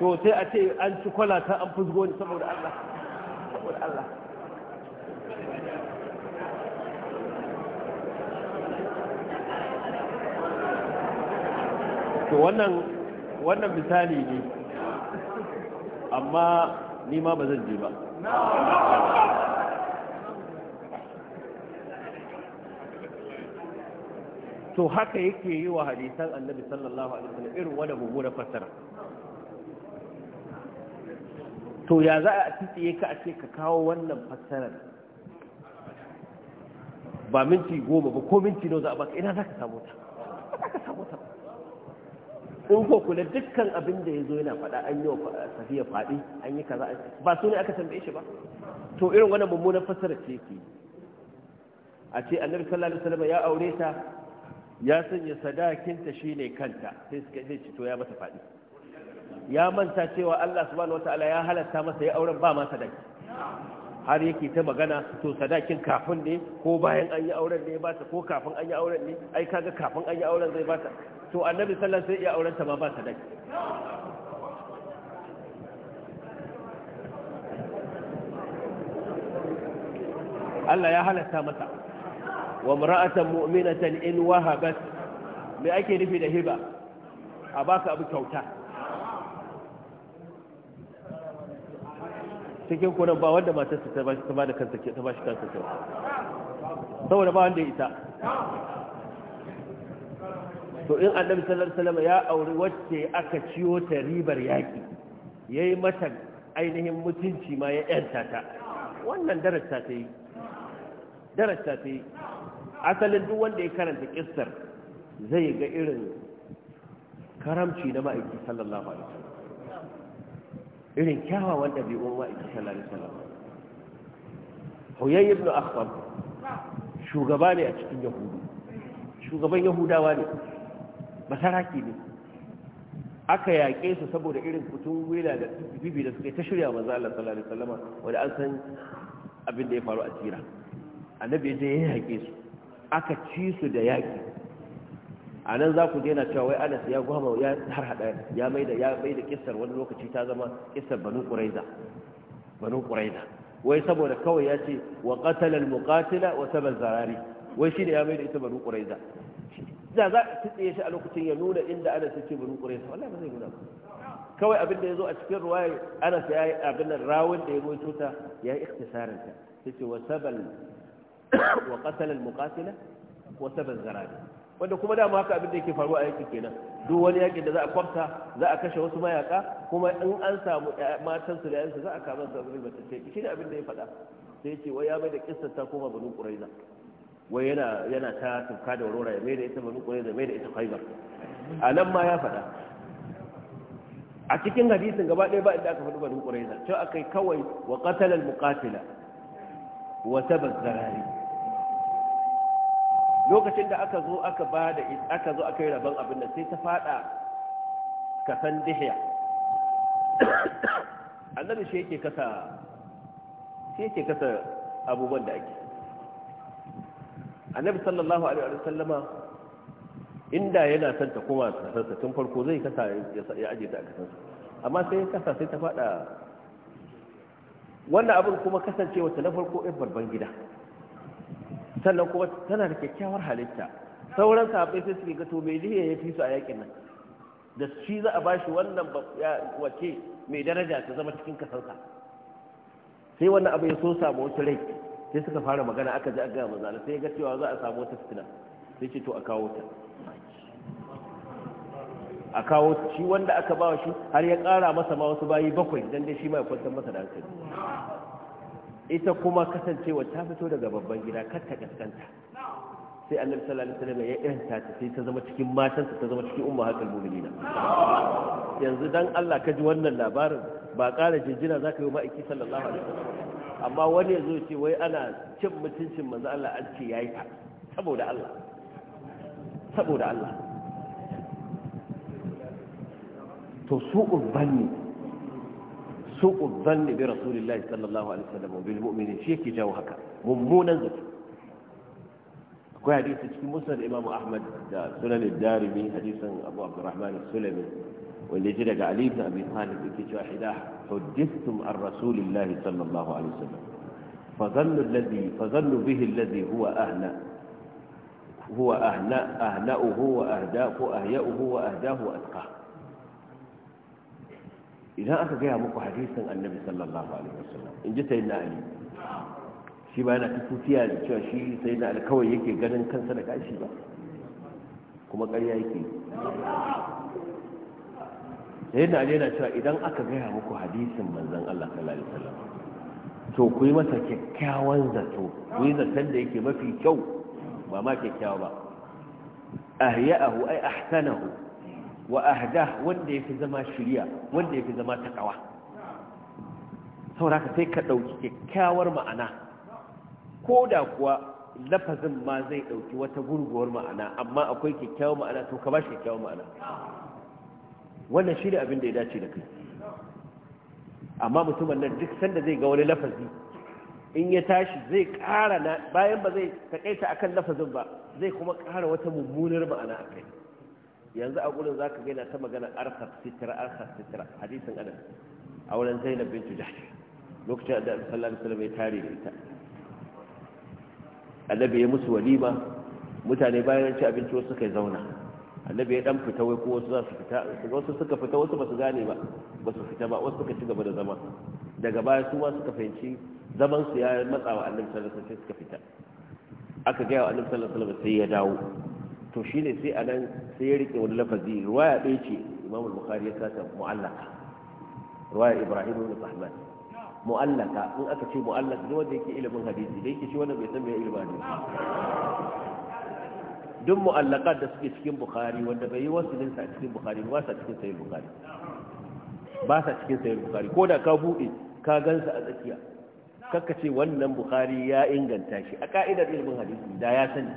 to sai a ce an ci kwalata an fusgo ni saboda Allah saboda Allah to wannan misali ne amma ni ma ba zan je ba to haka yake yi wa hadisan annabi sallallahu alaihi wasallam irin wanda mummunar fassara to ya za a tsitsiye ka a ce ka kawo wannan fassarar ba minti goma ba ko minti nawa za a baka ina za ka samu ta za ka samu ta in ko kula dukkan abin da ya zo yana faɗa an yi wa safiya faɗi an yi kaza ba su ne aka tambaye shi ba to irin wannan mummunan fasara ce ke a ce annabi sallallahu alaihi wasallam ya aure ta ya sanya ta shine kanta sai suka ce to ya mata faɗi ya manta cewa Allah subhanahu wataala ya halatta masa ya auren ba ma sadaki har yake ta magana to sadakin kafin ne ko bayan an yi auren ne ba ta ko kafin an yi auren ne ai kaga kafin an yi auren zai ba ta to annabi sallallahu alaihi wasallam sai iya aurenta ta ma ba sadaki Allah ya halatta masa wa mar'atan mu'minatan in wahabat me ake nufi da hiba a baka abu kyauta cikin kunan ba wanda matarsa ta ba da kansa ta ba shi kansa kyauta saboda ba wanda ita to in annabi sallallahu alaihi ya auri wacce aka ciyo ta ribar yaki yayi mata ainihin mutunci ma ya yanta ta wannan darasta ta yi darasta ta yi asalin duk wanda ya karanta kissar zai ga irin karamci na ma'aiki sallallahu alaihi wasallam irin kyawawan ɗabi'un ma'aiki sallallahu alaihi wasallam huyayy ibn akhtab shugaba ne a cikin yahudu shugaban yahudawa ne basaraki ne aka yaƙe su saboda irin kutun wila da bibi da suka ta shirya manzo Allah sallallahu alaihi wasallam wanda an san abin da ya faru a tsira annabi ya je ya yaƙe su aka ci su da yaƙi a nan za ku daina cewa wai anas ya gwama ya har hada ya mai da ya mai da kissar wani lokaci ta zama kissar banu quraiza banu quraiza wai saboda kawai ya ce wa qatala al muqatila wa sabal zarari wai shi ne ya mai da ita banu quraiza da za a tsaye shi a lokacin ya nuna inda ana ce bari ƙure sa wallahi ba zai nuna kawai abin da ya zo a cikin ruwaya ana sa yayi abin da rawun da ya goyi tuta ya yi iktisarin ta yace wa sabal *coughs* wa qatala al muqatila wa sabal zarabi wanda kuma dama haka abin da yake faruwa a yaki kenan duk wani yakin da za a kwafta za a kashe wasu mayaka kuma in an samu matan su da yansu za a kama su abin da ta ce shi abin da ya faɗa sai ce wai ya bai da kissa ta koma banu ƙuraiza wai yana ta tuka da warora ya mai da ita kwanye da mai da ita khaybar a nan ma ya faɗa a cikin hadisin gaba ɗaya ba inda aka faɗi banu da to kai kawai wa ƙasalar al-muqatila wa tabazzarari lokacin da aka zo aka ba da aka zo aka yi rabon abin da sai ta faɗa kasan dihiya annabi shi yake kasa shi yake kasa abubuwan da ake annabi sallallahu alaihi wa wasallama inda yana son ta koma kasarsa tun farko zai kasa ya aje ta a kasarsa amma sai ya kasa sai ta fada wannan abin kuma kasancewa ta na farko yan babban gida sannan kuma tana da kyakkyawar halitta sauran sahabbai sai suke ga to me liya ya fi su a yakin nan da shi za a bashi wannan ya wace mai daraja ta zama cikin kasarsa sai wannan abu ya so samu wata rai sai suka fara magana aka ji aka maza Allah sai ga cewa za a samu wata fitina sai ce to a kawo ta a kawo shi wanda aka ba shi har ya kara masa ma wasu bayi bakwai don dai shi ma ya kwantar masa da hankali ita kuma kasancewa ta fito daga babban gida kar ta kaskanta sai annabi sallallahu alaihi wasallam ya yanta ta sai ta zama cikin matan ta zama cikin umma hakal mu'minina yanzu dan Allah ka ji wannan labarin ba ƙara jinjina zaka yi ma'aiki sallallahu alaihi wasallam amma wani ya zo ce wai ana cin mutuncin manzo Allah an ce yayi ta saboda Allah saboda Allah to su banni su banni bi rasulillahi sallallahu alaihi wasallam bil mu'minin shi yake jawo haka mummunan zato akwai hadisi cikin musnad imamu ahmad da sunan darimi hadisin abu abdurrahman sulami wanda ya ji daga ali ibn abi talib yake cewa hidah حدثتم عن رسول الله صلى الله عليه وسلم فظل الذي فظل به الذي هو أهنأ هو أهنأ أهنأه وأهداه اهياه وأهداه وأتقاه إذا أخذ يا مكو حديثا عن النبي صلى الله عليه وسلم إن جت سيدنا علي شي بانا yana tafiya da سيدنا shi sai na alkawai yake ganin kansa da kashi sai na yana cewa idan aka gaya muku hadisin manzan Allah sallallahu alaihi wasallam to ku yi masa kyakkyawan zato ku yi zaton da yake mafi kyau ba ma kyakkyawa ba ahya'ahu ay ahsanahu wa ahdah wanda yake zama shiriya wanda yake zama takawa saboda sai ka dauki kyakkyawar ma'ana ko da kuwa lafazin ma zai dauki wata gurguwar ma'ana amma akwai kyakkyawar ma'ana to ka ba shi kyakkyawar ma'ana wannan shi ne abin da ya dace da kai amma mutumin nan duk sanda zai ga wani lafazi in ya tashi zai ƙara na bayan ba zai takaita akan lafazin ba zai kuma kara wata mummunar ma'ana a kai yanzu a gurin za ka gaina ta magana arkar sitira arkar sitira hadisin adam a wurin zainab bin jahsh lokacin da sallallahu alaihi wasallam ya tare da ita annabi ya musu walima mutane bayan ci abinci wasu kai zauna annabi ya dan fita wai ko wasu za su fita wasu suka fita wasu ba su gane ba ba su fita ba wasu suka ci gaba da zama daga baya su ma suka fahimci zaman su ya matsa wa annabi sallallahu alaihi wasallam suka fita aka gaya wa annabi sallallahu alaihi wasallam sai ya dawo to shine sai a nan sai ya rike wani lafazi riwaya ɗaya ce imamul bukhari ya saka mu'allaka riwaya ibrahim ibn sahman mu'allaka in aka ce mu'allaka duk wanda yake ilimin hadisi dai yake shi wannan bai san me ilimin hadisi duk mu'allaqat da suke cikin bukhari wanda bai yi wasilin sa cikin bukhari ba sa cikin sayyid bukhari ba sa cikin sayyid bukhari ko da ka bude ka gansa a tsakiya kakka ce wannan bukhari ya inganta shi a ka'idar ilimin hadisi da ya sani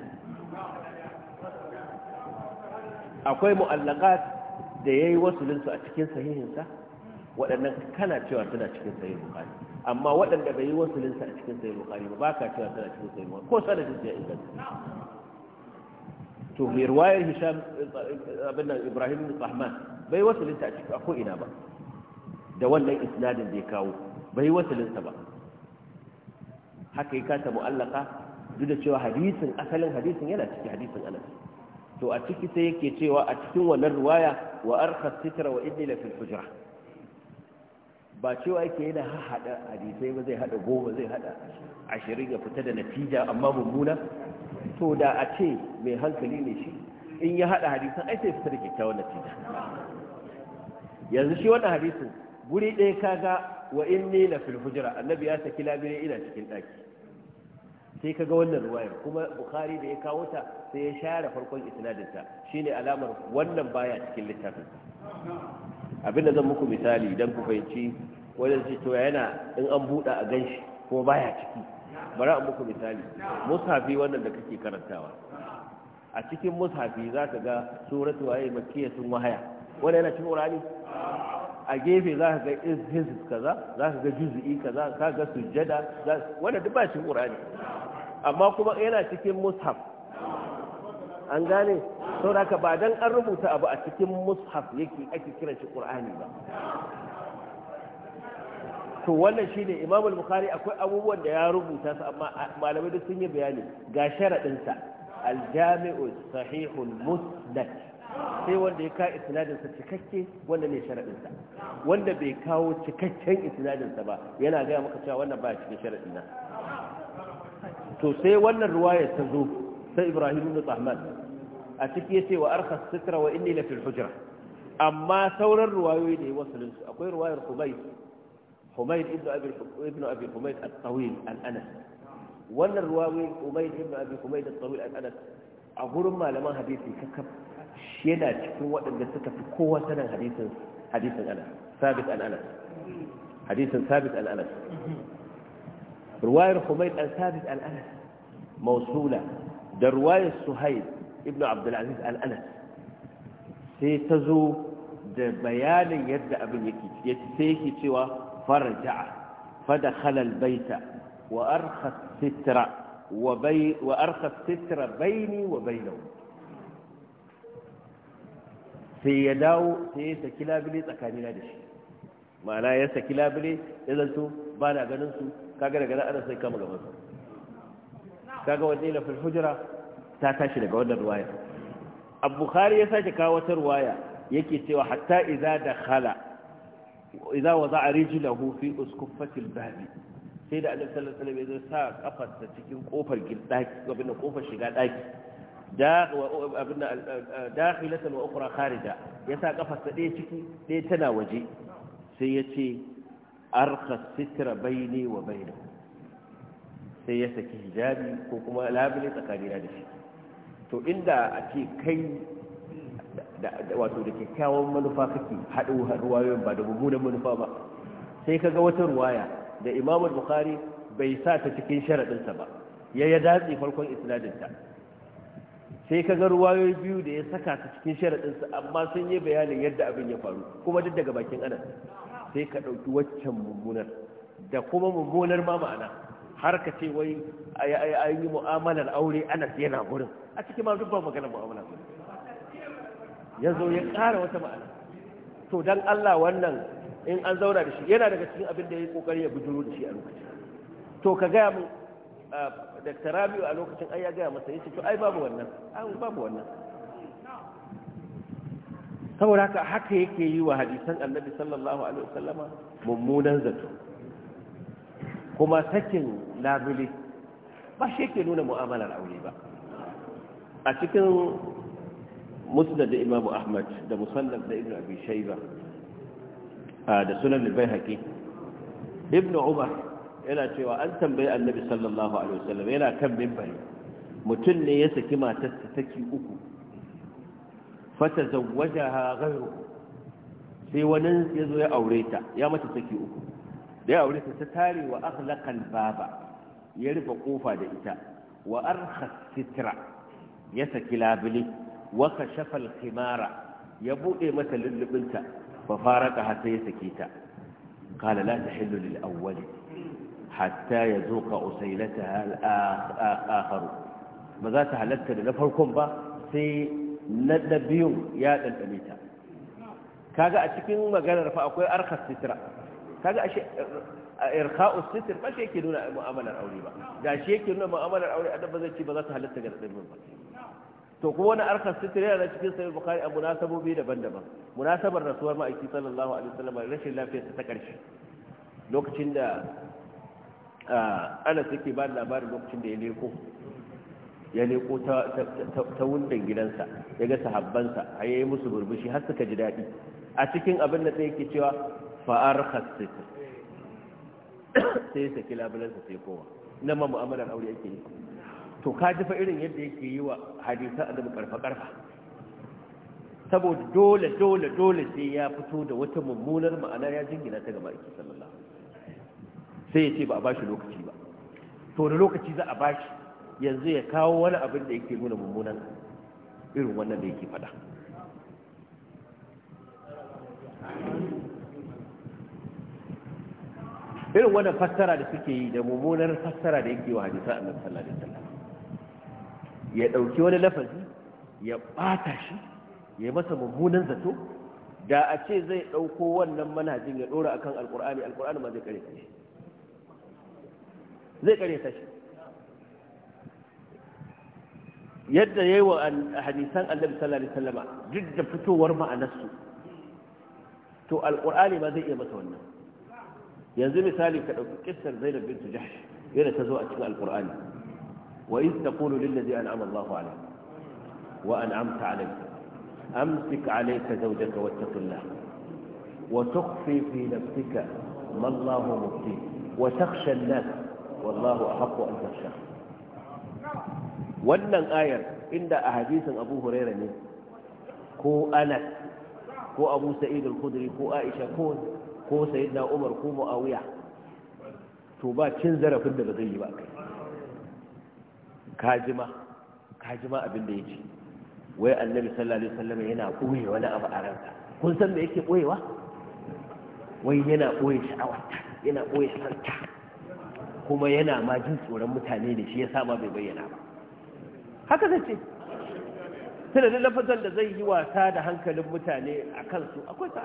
akwai mu'allaqat da yayi wasulin su a cikin sahihin sa waɗannan kana cewa suna cikin sahihin bukhari amma waɗanda bai yi wasulin sa a cikin sahihin bukhari ba ka cewa suna cikin sahih bukhari ko sanadin ya inganta to mai ruwayar hisham abin ibrahim rahman bai wasilinta a cikin a ko'ina ba da wannan isnadin da ya kawo bai wasilinsa ba haka yi kata mu'allaka duk da cewa hadisin asalin hadisin yana cikin hadisin anas to a ciki sai yake cewa a cikin wannan ruwaya wa arka sitra wa inni lafil hujra ba cewa yake yana hada hadisai ba zai hada goma zai haɗa ashirin ya fita da natija amma mummuna to da a ce mai hankali ne shi in ya haɗa hadisan ai sai fitar kyakkyawan natija yanzu shi wannan hadisin guri ɗaya kaga wa in ne na filhujira annabi ya saki labirin ina cikin ɗaki sai ga wannan ruwayar kuma bukhari da ya kawo ta sai ya share farkon ta, shine alamar wannan baya cikin littafin abin zan muku misali dan ku fahimci ce to yana in an buɗa a ganshi ko baya ciki bari a muku misali mushafi wannan da kake karantawa a cikin mushafi za ka ga suratu waye makkiya sun wahaya wanda yana cikin qur'ani a gefe za ka ga hizb kaza za ka ga juz'i kaza ka ga sujjada wanda duk ba cikin qur'ani amma kuma yana cikin mushaf an gane saboda ba dan an rubuta abu a cikin mushaf yake ake kiran shi qur'ani ba to wannan shine Imam al-Bukhari akwai abubuwan da ya rubuta su amma malamai duk sun yi bayani ga sharadin sa al-jami'u sahihul musnad sai wanda ya kawo isnadin sa cikakke wanda ne sharadin sa wanda bai kawo cikakken isnadin sa ba yana ga maka cewa wannan ba cikin sharadin nan to sai wannan ruwaya ta zo sai Ibrahim ibn Ahmad a ciki yace wa arkhas sitra wa inni la fil hujra amma sauran ruwayoyi da ya wasulun su akwai riwayar Qubais حميد ابن أبي ابن أبي حميد الطويل الأنس ولا الرواوي حميد ابن أبي حميد الطويل الأنس a gurin malaman hadisi kakaf yana cikin waɗanda suka fi kowa sanin hadisin hadisin anas sabit an anas hadisin sabit an anas humayd an sabit an anas mausula da ruwayar suhaib ibnu abdulaziz an anas sai ta zo da bayanin yadda abin yake sai yake cewa فرجع فدخل البيت وأرخى الستر وبي وأرخى الستر بيني وبينه في يداو في سكلا تكاني نادش ما أنا يا سكلا بلي إذا سو بانا جنسو كأجر كذا أنا سيكام جوز كأجر ودي في الحجرة تاتاشي لك ودى الرواية أبو خاري يساجي كاوة الرواية يكي سوى حتى إذا دخل idza wada'a rijlahu fi uskufati al-babi sai da annabi sallallahu alaihi wasallam ya sa cikin kofar kofar shiga daki da abinda dakhilatan wa ukhra kharija ya sa kafarsa ɗaya ciki ɗaya tana waje sai ya ce arqa sitra baini wa baina sai ya saki hijabi ko kuma labule tsakanina da shi to inda a ce kai wato da kyakkyawan manufa kake haɗo ruwayoyin ba da mummunan manufa ba sai kaga wata ruwaya da imam bukhari bai sa ta cikin sharaɗinsa ba ya ya datse farkon isnadinta sai kaga ruwayoyi biyu da ya saka ta cikin sharaɗinsa amma sun yi bayanin yadda abin ya faru kuma duk daga bakin anan sai ka ɗauki waccan mummunar da kuma mummunar ma ma'ana har ka ce wai an yi mu'amalar aure anas yana gurin a cikin ma duk ba mu'amalar mu'amala ya zo ya ƙara wata ma'ana to dan Allah wannan in an zauna da shi yana daga cikin abin da ya yi kokari ya bujuro da shi a lokacin to ka gaya mu Dr. Rabiu a lokacin ai ya gaya masa yace to ai babu wannan ai babu wannan saboda haka haka yake yi wa hadisan Annabi sallallahu alaihi wasallama mummunan zato kuma sakin labule ba shi yake nuna mu'amalar aure ba a cikin musnad da imamu ahmad da musallaf da ibn abi shaiba da sunan al-baihaqi ibn umar yana cewa an tambayi annabi sallallahu alaihi wasallam yana kan minbari mutum ne ya saki matarsa take uku fata zawwajaha ghayru sai wani ya zo ya aure ta ya mata saki uku da ya aure ta ta tare wa akhlaqal baba ya rufe kofa da ita wa arkha sitra ya saki labule Waka kashafa al ya buɗe mata lullubinta fa faraka hatta ya sake ta qala la tahillu lil awwali hatta yazuqa usailataha al-akhar ba za ta halatta da na farkon ba sai na biyun ya dandame ta kaga a cikin maganar fa akwai arkas sitra kaga a irkha'u sitr ba shi yake nuna mu'amalar aure ba da shi yake nuna mu'amalar aure adam ba zai ci ba za ta halatta ga dabin ba to kuma wani arkar sitir yana cikin sahih bukhari a munasabobi daban-daban munasabar rasuwar ma'aiki sallallahu alaihi wasallam rashin lafiyarsa ta karshe lokacin da ana suke ba labarin lokacin da ya leko ya leko ta wundan gidansa ya ga sahabbansa a yayi musu burbushi har suka ji daɗi a cikin abin da sai ke cewa fa'ar hasitin *coughs* sai ya saki labulansa sai kowa Nan ma mu'amalar aure ake yi to ka jifa irin yadda yake yi wa a zama karfa karfa saboda dole dole dole sai ya fito da wata mummunar ma'ana ya jingina ta gaba ake sallallahu sai ya ce ba a bashi lokaci ba to da lokaci za a bashi yanzu ya kawo wani abin da yake nuna mummunan irin wannan da yake fada irin wannan fassara da suke yi da mummunar fassara da yake wa hadisan annabi sallallahu alaihi wasallam ya ɗauki wani lafazi ya ɓata shi ya masa mummunan zato da a ce zai ɗauko wannan manhajin ya ɗora akan alƙur'ani alƙur'ani ma zai kare shi zai kare ta shi yadda ya yi wa hadisan annabi sallallahu alaihi wasallama duk da fitowar ma'anarsu to alƙur'ani ma zai iya masa wannan yanzu misali ka ɗauki kissar zainab bint jahsh yana ta zo a cikin alƙur'ani وإذ تقول للذي أنعم الله عليه وأنعمت عليك أمسك عليك زوجك واتق الله وتخفي في نفسك ما الله مبديه وتخشى الناس والله أحق أن تخشى wannan ayar inda a hadisin abu huraira ne ko anas ko abu sa'id al-khudri ko aisha ko ko sayyidina umar ko muawiya to ba cin zarafin da ba zai yi ba kai kajima kajima abin da yake wai annabi sallallahu alaihi wasallam yana koye wani abu a ranka kun san me yake koyewa wai yana koye sha'awarta yana koye santa kuma yana ma jin tsoron mutane ne shi yasa ma bai bayyana ba haka zai ce tana da lafazan da zai yi wasa da hankalin mutane a kansu akwai ta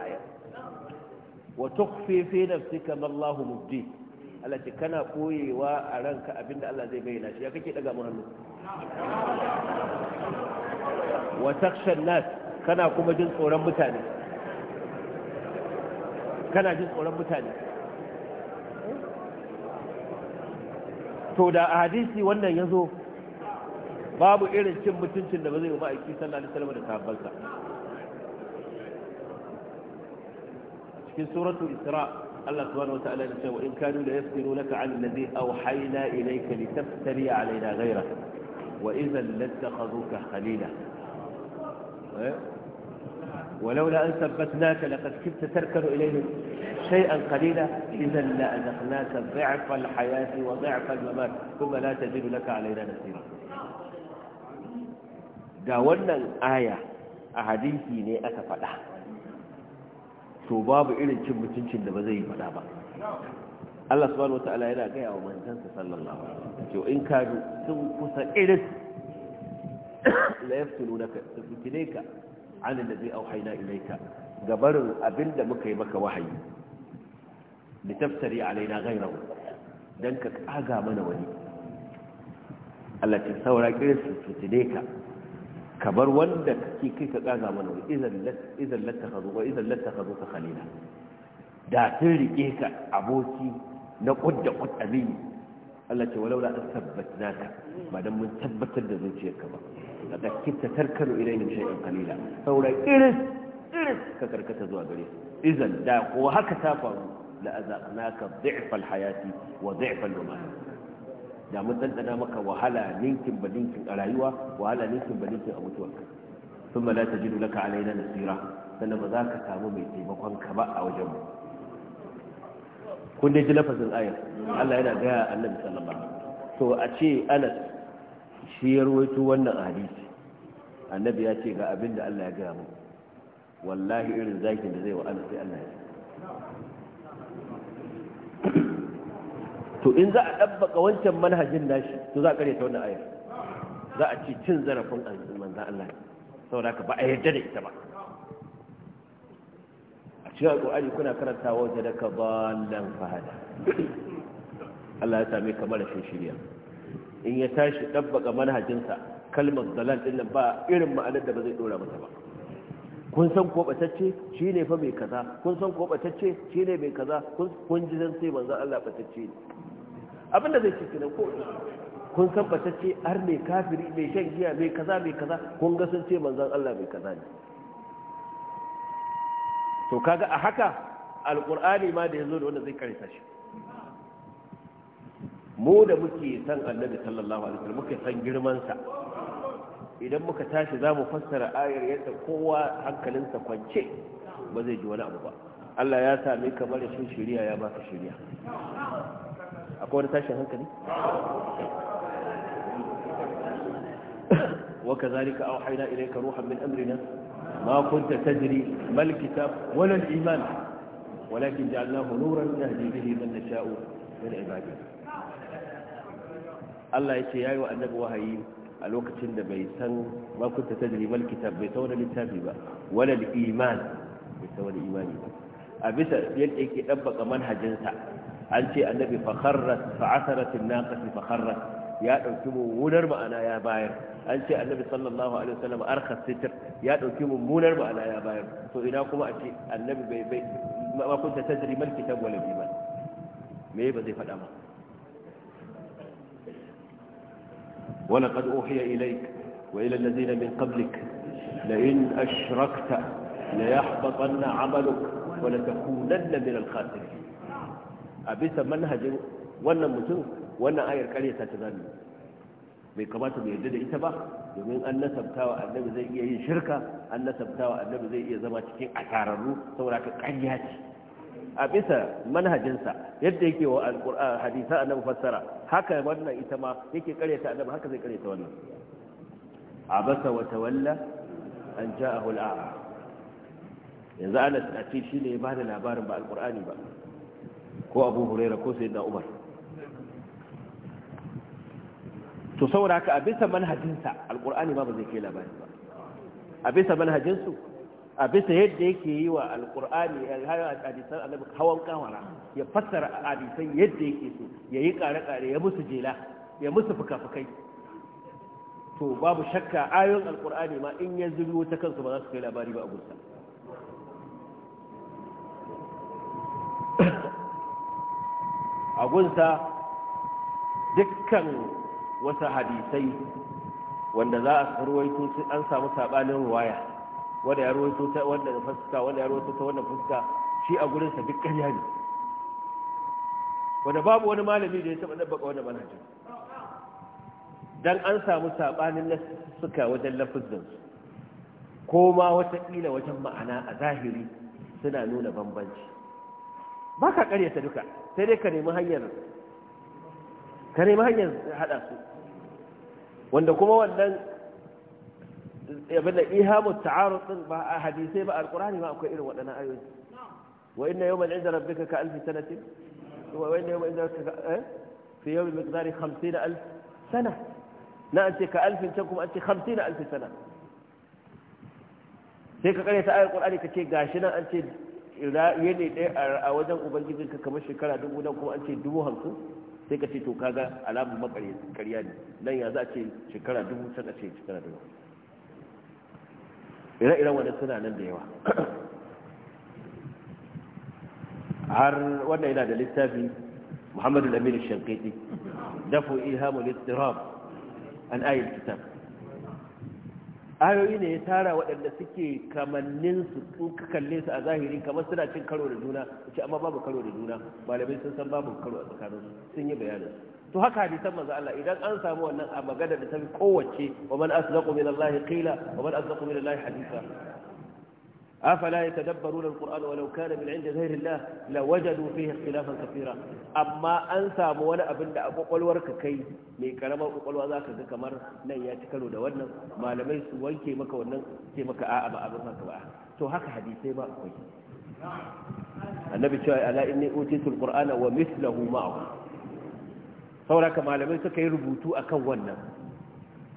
wa tukfi fi nafsika ma Allahu mubdi Allah ce kana koyewa a ranka abinda Allah zai bayyana shi ya kake daga mu wa takshan nas kana kuma jin tsoron mutane kana jin tsoron mutane to da hadisi wannan ya zo babu irin cin mutuncin da ba zai yi ma'aiki sallallahu alaihi wasallam da sahabbansa cikin suratul isra' الله سبحانه وتعالى يقول وإن كانوا ليفتنونك عن الذي أوحينا إليك لتفتري علينا غيره وإذا لاتخذوك خليلا إيه؟ ولولا أن ثبتناك لقد كنت تركن إليهم شيئا قليلا إذا لأذقناك ضعف الحياة وضعف الممات ثم لا تجد لك علينا نسيرا داولنا الآية aya a hadisi to babu irin cin mutuncin da ba zai yi fada ba Allah subhanahu wataala yana gaya wa manzansa sallallahu alaihi wasallam in kadu sun kusa irin la yaftununaka taftineka an allazi auhayna ilayka gabarin abinda muka yi maka wahayi taftari alaina ghayrahu dan ka kaga mana wani Allah ta saura kirin su ka kabar wanda kake kai ka tsaga mana wani idan lattakazu wa idan lattakazu ka khalila da sun rike ka aboki na kudda kudda mini Allah ce walaula an tabbatna ka madan mun tabbatar da zuciyarka ba daga kitta tarkanu ilayhim shay'an qalila saura iris iris ka karkata zuwa gare idan da ko haka ta faru la azaqnaka dhi'fa al-hayati wa dhi'fa al-mamat da mun ɗanɗana maka wahala ninkin ba ninkin a rayuwa wahala ninkin ba ninkin a mutuwarka sun la ta jidu laka alaina nasira sannan ba za ka samu mai taimakon ka ba a wajen mu kun dai ji lafazin ayar Allah yana gaya annabi sallallahu alaihi to a ce Anas shi ya rawaito wannan hadisi annabi ya ce ga abin da Allah ya gaya mu wallahi irin zakin da zai wa Anas sai Allah ya ce to in za a ɗabbaka wancan manhajin nashi to za a ƙare ta wannan ayar za a ci cin zarafin manzan Allah saboda ka ba a yarda da ita ba a cikin alƙur'ani kuna karanta wajen da ka ba nan fahada Allah ya same ka mara shirya in ya tashi ɗabbaka manhajinsa kalmar zalan ɗin nan ba irin ma'anar da ba zai ɗora mata ba kun san ko batacce shi ne fa mai kaza kun san ko batacce shi ne mai kaza kun ji zan sai manzan Allah batacce ne abinda zai ce kenan ko kun san ce har mai kafiri mai shan giya mai kaza mai kaza kun ga sun ce manzan Allah mai kaza ne to kaga a haka alqur'ani ma da ya zo da wanda zai karanta shi mu da muke san annabi sallallahu alaihi wasallam muke san girman sa idan muka tashi za mu fassara ayar yadda kowa hankalinsa kwance ba zai ji wani abu ba Allah ya sami kamar mara shi shiriya ya baka shiriya akwai wani tashin hankali waka zalika aw haina ilayka ruhan min amrina ma kunta tajri mal kitab wala al iman walakin ja'alnahu nuran yahdi bihi man nasha'u min ibadina Allah yace yayi wa annabi wayi a lokacin da bai san ma kunta tajri mal kitab bai tawala littafi ba wala iman bai tawala imani ba a bisa yadda yake dabbaka manhajinsa an ce annabi fakharrat fa'asarat an-naqati fakharrat ya dauki mummunar ma'ana ya bayar an ce annabi sallallahu alaihi wasallam arkhas sitr ya dauki mummunar ma'ana ya bayar to ina kuma a ce annabi bai bai ma kunta tajri mal kitab wal iman me ba zai fada ma wa laqad uhiya ilayk wa ila alladhina min qablik la in ashrakta la yahbatanna 'amaluk wa la takunanna min al-khasirin a bisa manhajin wannan mutum wannan ayar karyata ta zamu bai kamata mu yarda da ita ba domin an nasabtawa annabi zai iya yin shirka an nasabtawa annabi zai iya zama cikin asararru saboda ka ƙarya ce a bisa manhajinsa yadda yake wa alƙur'an hadisa annabi fassara haka wannan ita ma yake karyata annabi haka zai karyata wannan A abasa wa tawalla an ja'ahu al'a yanzu Anas a shine ya bada labarin ba alƙur'ani ba ko abu huraira ko sai da umar to saboda haka a manhajinsa alkur'ani ba ba zai kai labari ba a bisa manhajinsu a bisa yadda yake yi wa alkur'ani hadisan annabi hawan kawara ya fassara hadisan yadda yake so ya yi kare-kare ya musu jela ya musu fuka to babu shakka ayoyin alkur'ani ma in ya zubi wata kansu ba za su kai labari ba a gusa a gunsa dukkan wasu hadisai wanda za a ruwaito an samu sabanin ruwaya wanda ya ruwaito ta wanda fuska wanda ya ruwaito ta wanda fuska shi a gurinsa duk ƙarya ne wanda babu wani malami da ya taɓa baka wanda manhajin dan an samu sabanin suka wajen lafizin ko ma wataƙila wajen ma'ana a zahiri suna nuna bambanci ba ka karyata duka sai dai ka nemi hanyar ka nemi hanyar haɗa su wanda kuma wannan abin da ihamu ta'arud din ba a hadisai ba alqur'ani ma akwai irin waɗannan ayoyi wa inna yawman inda rabbika ka alfi sanatin wa inna yawman inda rabbika fi yawmin miqdari 50000 sana na an ce ka alfin can kuma an ce 50000 sana sai ka karyata ayar qur'ani ka ce gashi nan an ce yanayi ɗaya a wajen ubangijin ka kamar shekara dubu nan kuma an ce dubu hamsin sai ka ce to kaga alamun makarya ne nan ya za a ce shekara dubu can a ce shekara dubu ire-iren wani suna nan da yawa *clears throat* har wannan yana da littafi muhammadu lamini shankaiti dafu ilhamu littirab an ayin kitab ayoyi ne ya tara waɗanda suke kamannin su sun ka su a zahiri kamar suna cin karo da juna ce amma babu karo da juna malamai sun san babu karo a tsakanin sun yi bayanin to haka san manzo Allah idan an samu wannan a magana da ta kowace wa man asdaqu min Allah qila wa man asdaqu min Allah hadisa أفلا يتدبرون القرآن ولو كان من عند غير الله لوجدوا فيه اختلافا كثيرا أما أنسى مولا أبن أبو قلور كي من كلام أبو قلور ذاك كمر لن يتكلوا دوانا ما لم يسوي كي مكا ونن كي مكا آأما أبرنا كما تو هكا حديثي ما أقوي النبي شاء ألا إني أوتيت القرآن ومثله معه saboda haka malamai suka yi rubutu akan wannan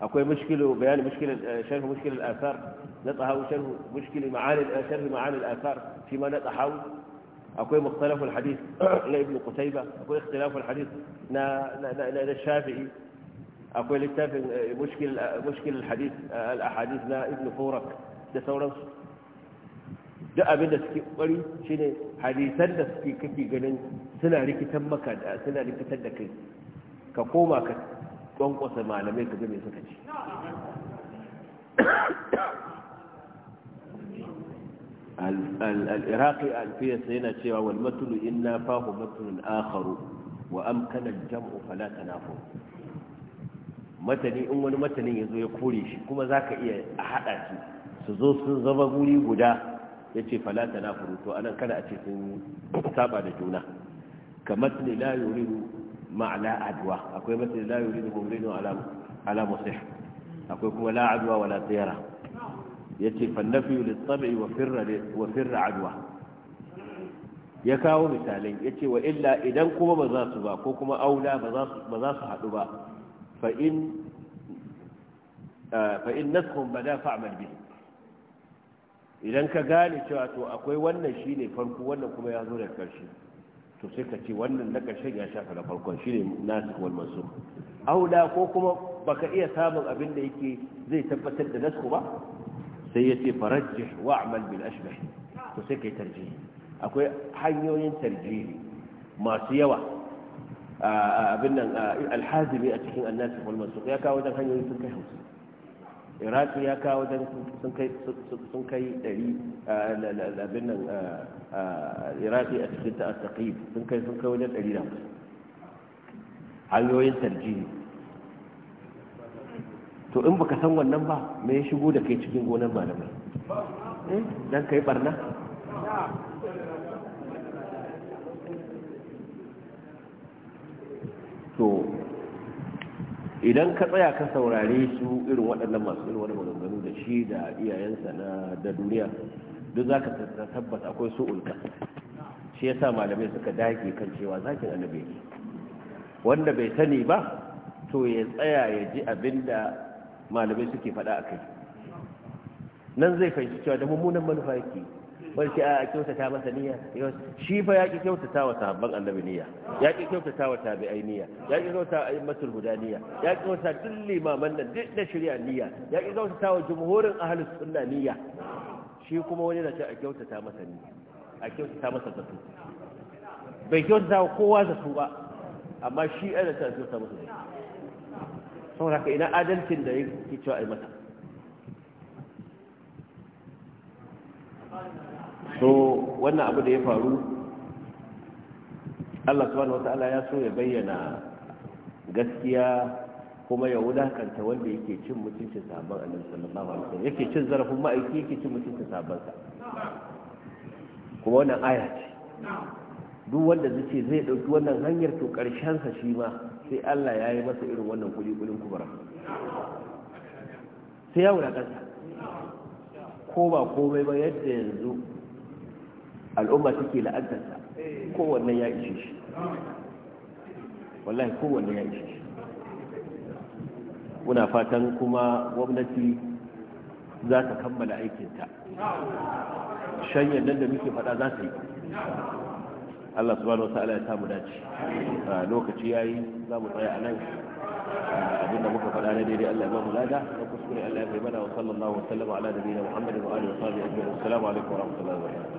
akwai mushkilu bayani mushkilin sharh mushkilul asar نطحوا شر مشكل معاني الأشر معاني الآثار فيما نطحوا أكوي مختلف الحديث *clears throat* لابن قتيبة أكوي اختلاف الحديث نا نا نا الشافعي أكوي لكتاب آه، مشكل آه، مشكل الحديث آه، الأحاديث نا ابن فورك ده سورانس duk abin da suke kwari shine hadisan da suke kake ganin suna rikitan maka da suna rikitar da kai ka koma al-iraqi alfiyarsa yana cewa wal matulu inna fahu matulun akharu wa amkana jam'u fala tanafu matani in wani matanin zo ya kore shi kuma za ka iya haɗa shi su zo sun zama guri guda ya ce falata na tanafu to anan kada a ce sun saba da juna kamar ne la yuridu ma'ala adwa akwai matani la yuridu mumrinu ala ala akwai kuma la'aduwa wala tiyara ya ce fannafiyu littabi wa firra adwa ya kawo misalin ya ce wa illa idan kuma ba za su ba ko kuma aula ba za su haɗu ba fa'in eh, naskun ba da fa'amal bi idan ka gane cewa to akwai wannan shi ne farko wannan kuma ya zo da ƙarshe to sai ka ce wannan na ƙarshen ya shafa na farkon shi ne nasu wal masu aula ko kuma baka iya samun abin da yake zai tabbatar da nasku ba sai ya ce farajjih wa'mal bil ashbah to sai kai tarjihi akwai hanyoyin tarjihi masu yawa abin nan al alhazimi a cikin annasi wal mansukh ya kawo wajen hanyoyin sun kai 50 iraqi ya kawo wajen sun kai sun kai 100 abin nan iraqi a cikin ta'aqqib sun kai sun kai wajen 100 hanyoyin tarjihi to in baka san wannan ba me ya shigo da kai cikin gonar malamai eh? dan kai barna to idan ka tsaya ka saurare su irin waɗannan masu irin wani maganganu da shi da iyayensa na da duniya duk za ka tabbata akwai su ulka shi ya sa malamai suka dage kan cewa zakin annabi wanda bai sani ba to ya tsaya ya ji abinda malamai suke faɗa a kai nan zai fahimci cewa da mummunan manufa yake wani ce a kyautata masa niyya shi fa yaki kyautata wa sahabban annabi niyya yaki kyautata wa tabi'ai niyya yaki kyautata wa aimmatul huda niyya yaki kyautata duk limaman nan duk da shari'a niyya yaki kyautata wa jumhurin ahlus sunna niyya shi kuma wani na ce a kyautata masa niyya a kyautata masa zato bai kyautata wa kowa zato ba amma shi ana da ta kyautata masa zato saboda haka ina adalcin da yake cewa ai mata so wannan abu da ya faru Allah subhanahu wata'ala ya so ya bayyana gaskiya kuma ya wulakanta wanda yake cin mutuncin sabon annabi sallallahu alaihi wasallam yake cin zarafin ma'aiki yake cin mutuncin sabon sa kuma wannan aya ce duk wanda zai ce zai dauki wannan hanyar to karshen sa shi ma sai Allah ya yi masa irin wannan kulikulin kubara sai ya ƙasa ko ba komai ba yadda yanzu al'umma suke la'antarsa kowanne ya ishe shi wallahi kowanne ya ishe shi muna fatan kuma gwamnati za ta kammala aikinta shanyar nan da muke faɗa za ta yi Allah subhanahu wa ta'ala ya samu dace lokaci yayi za mu tsaya a nan abin da muka faɗa na daidai Allah ya ba mu lada na kuskure Allah ya kai mana wa sallallahu wa sallam ala nabiyina Muhammadin wa alihi wa sahbihi ajma'in assalamu alaikum wa rahmatullahi wa barakatuh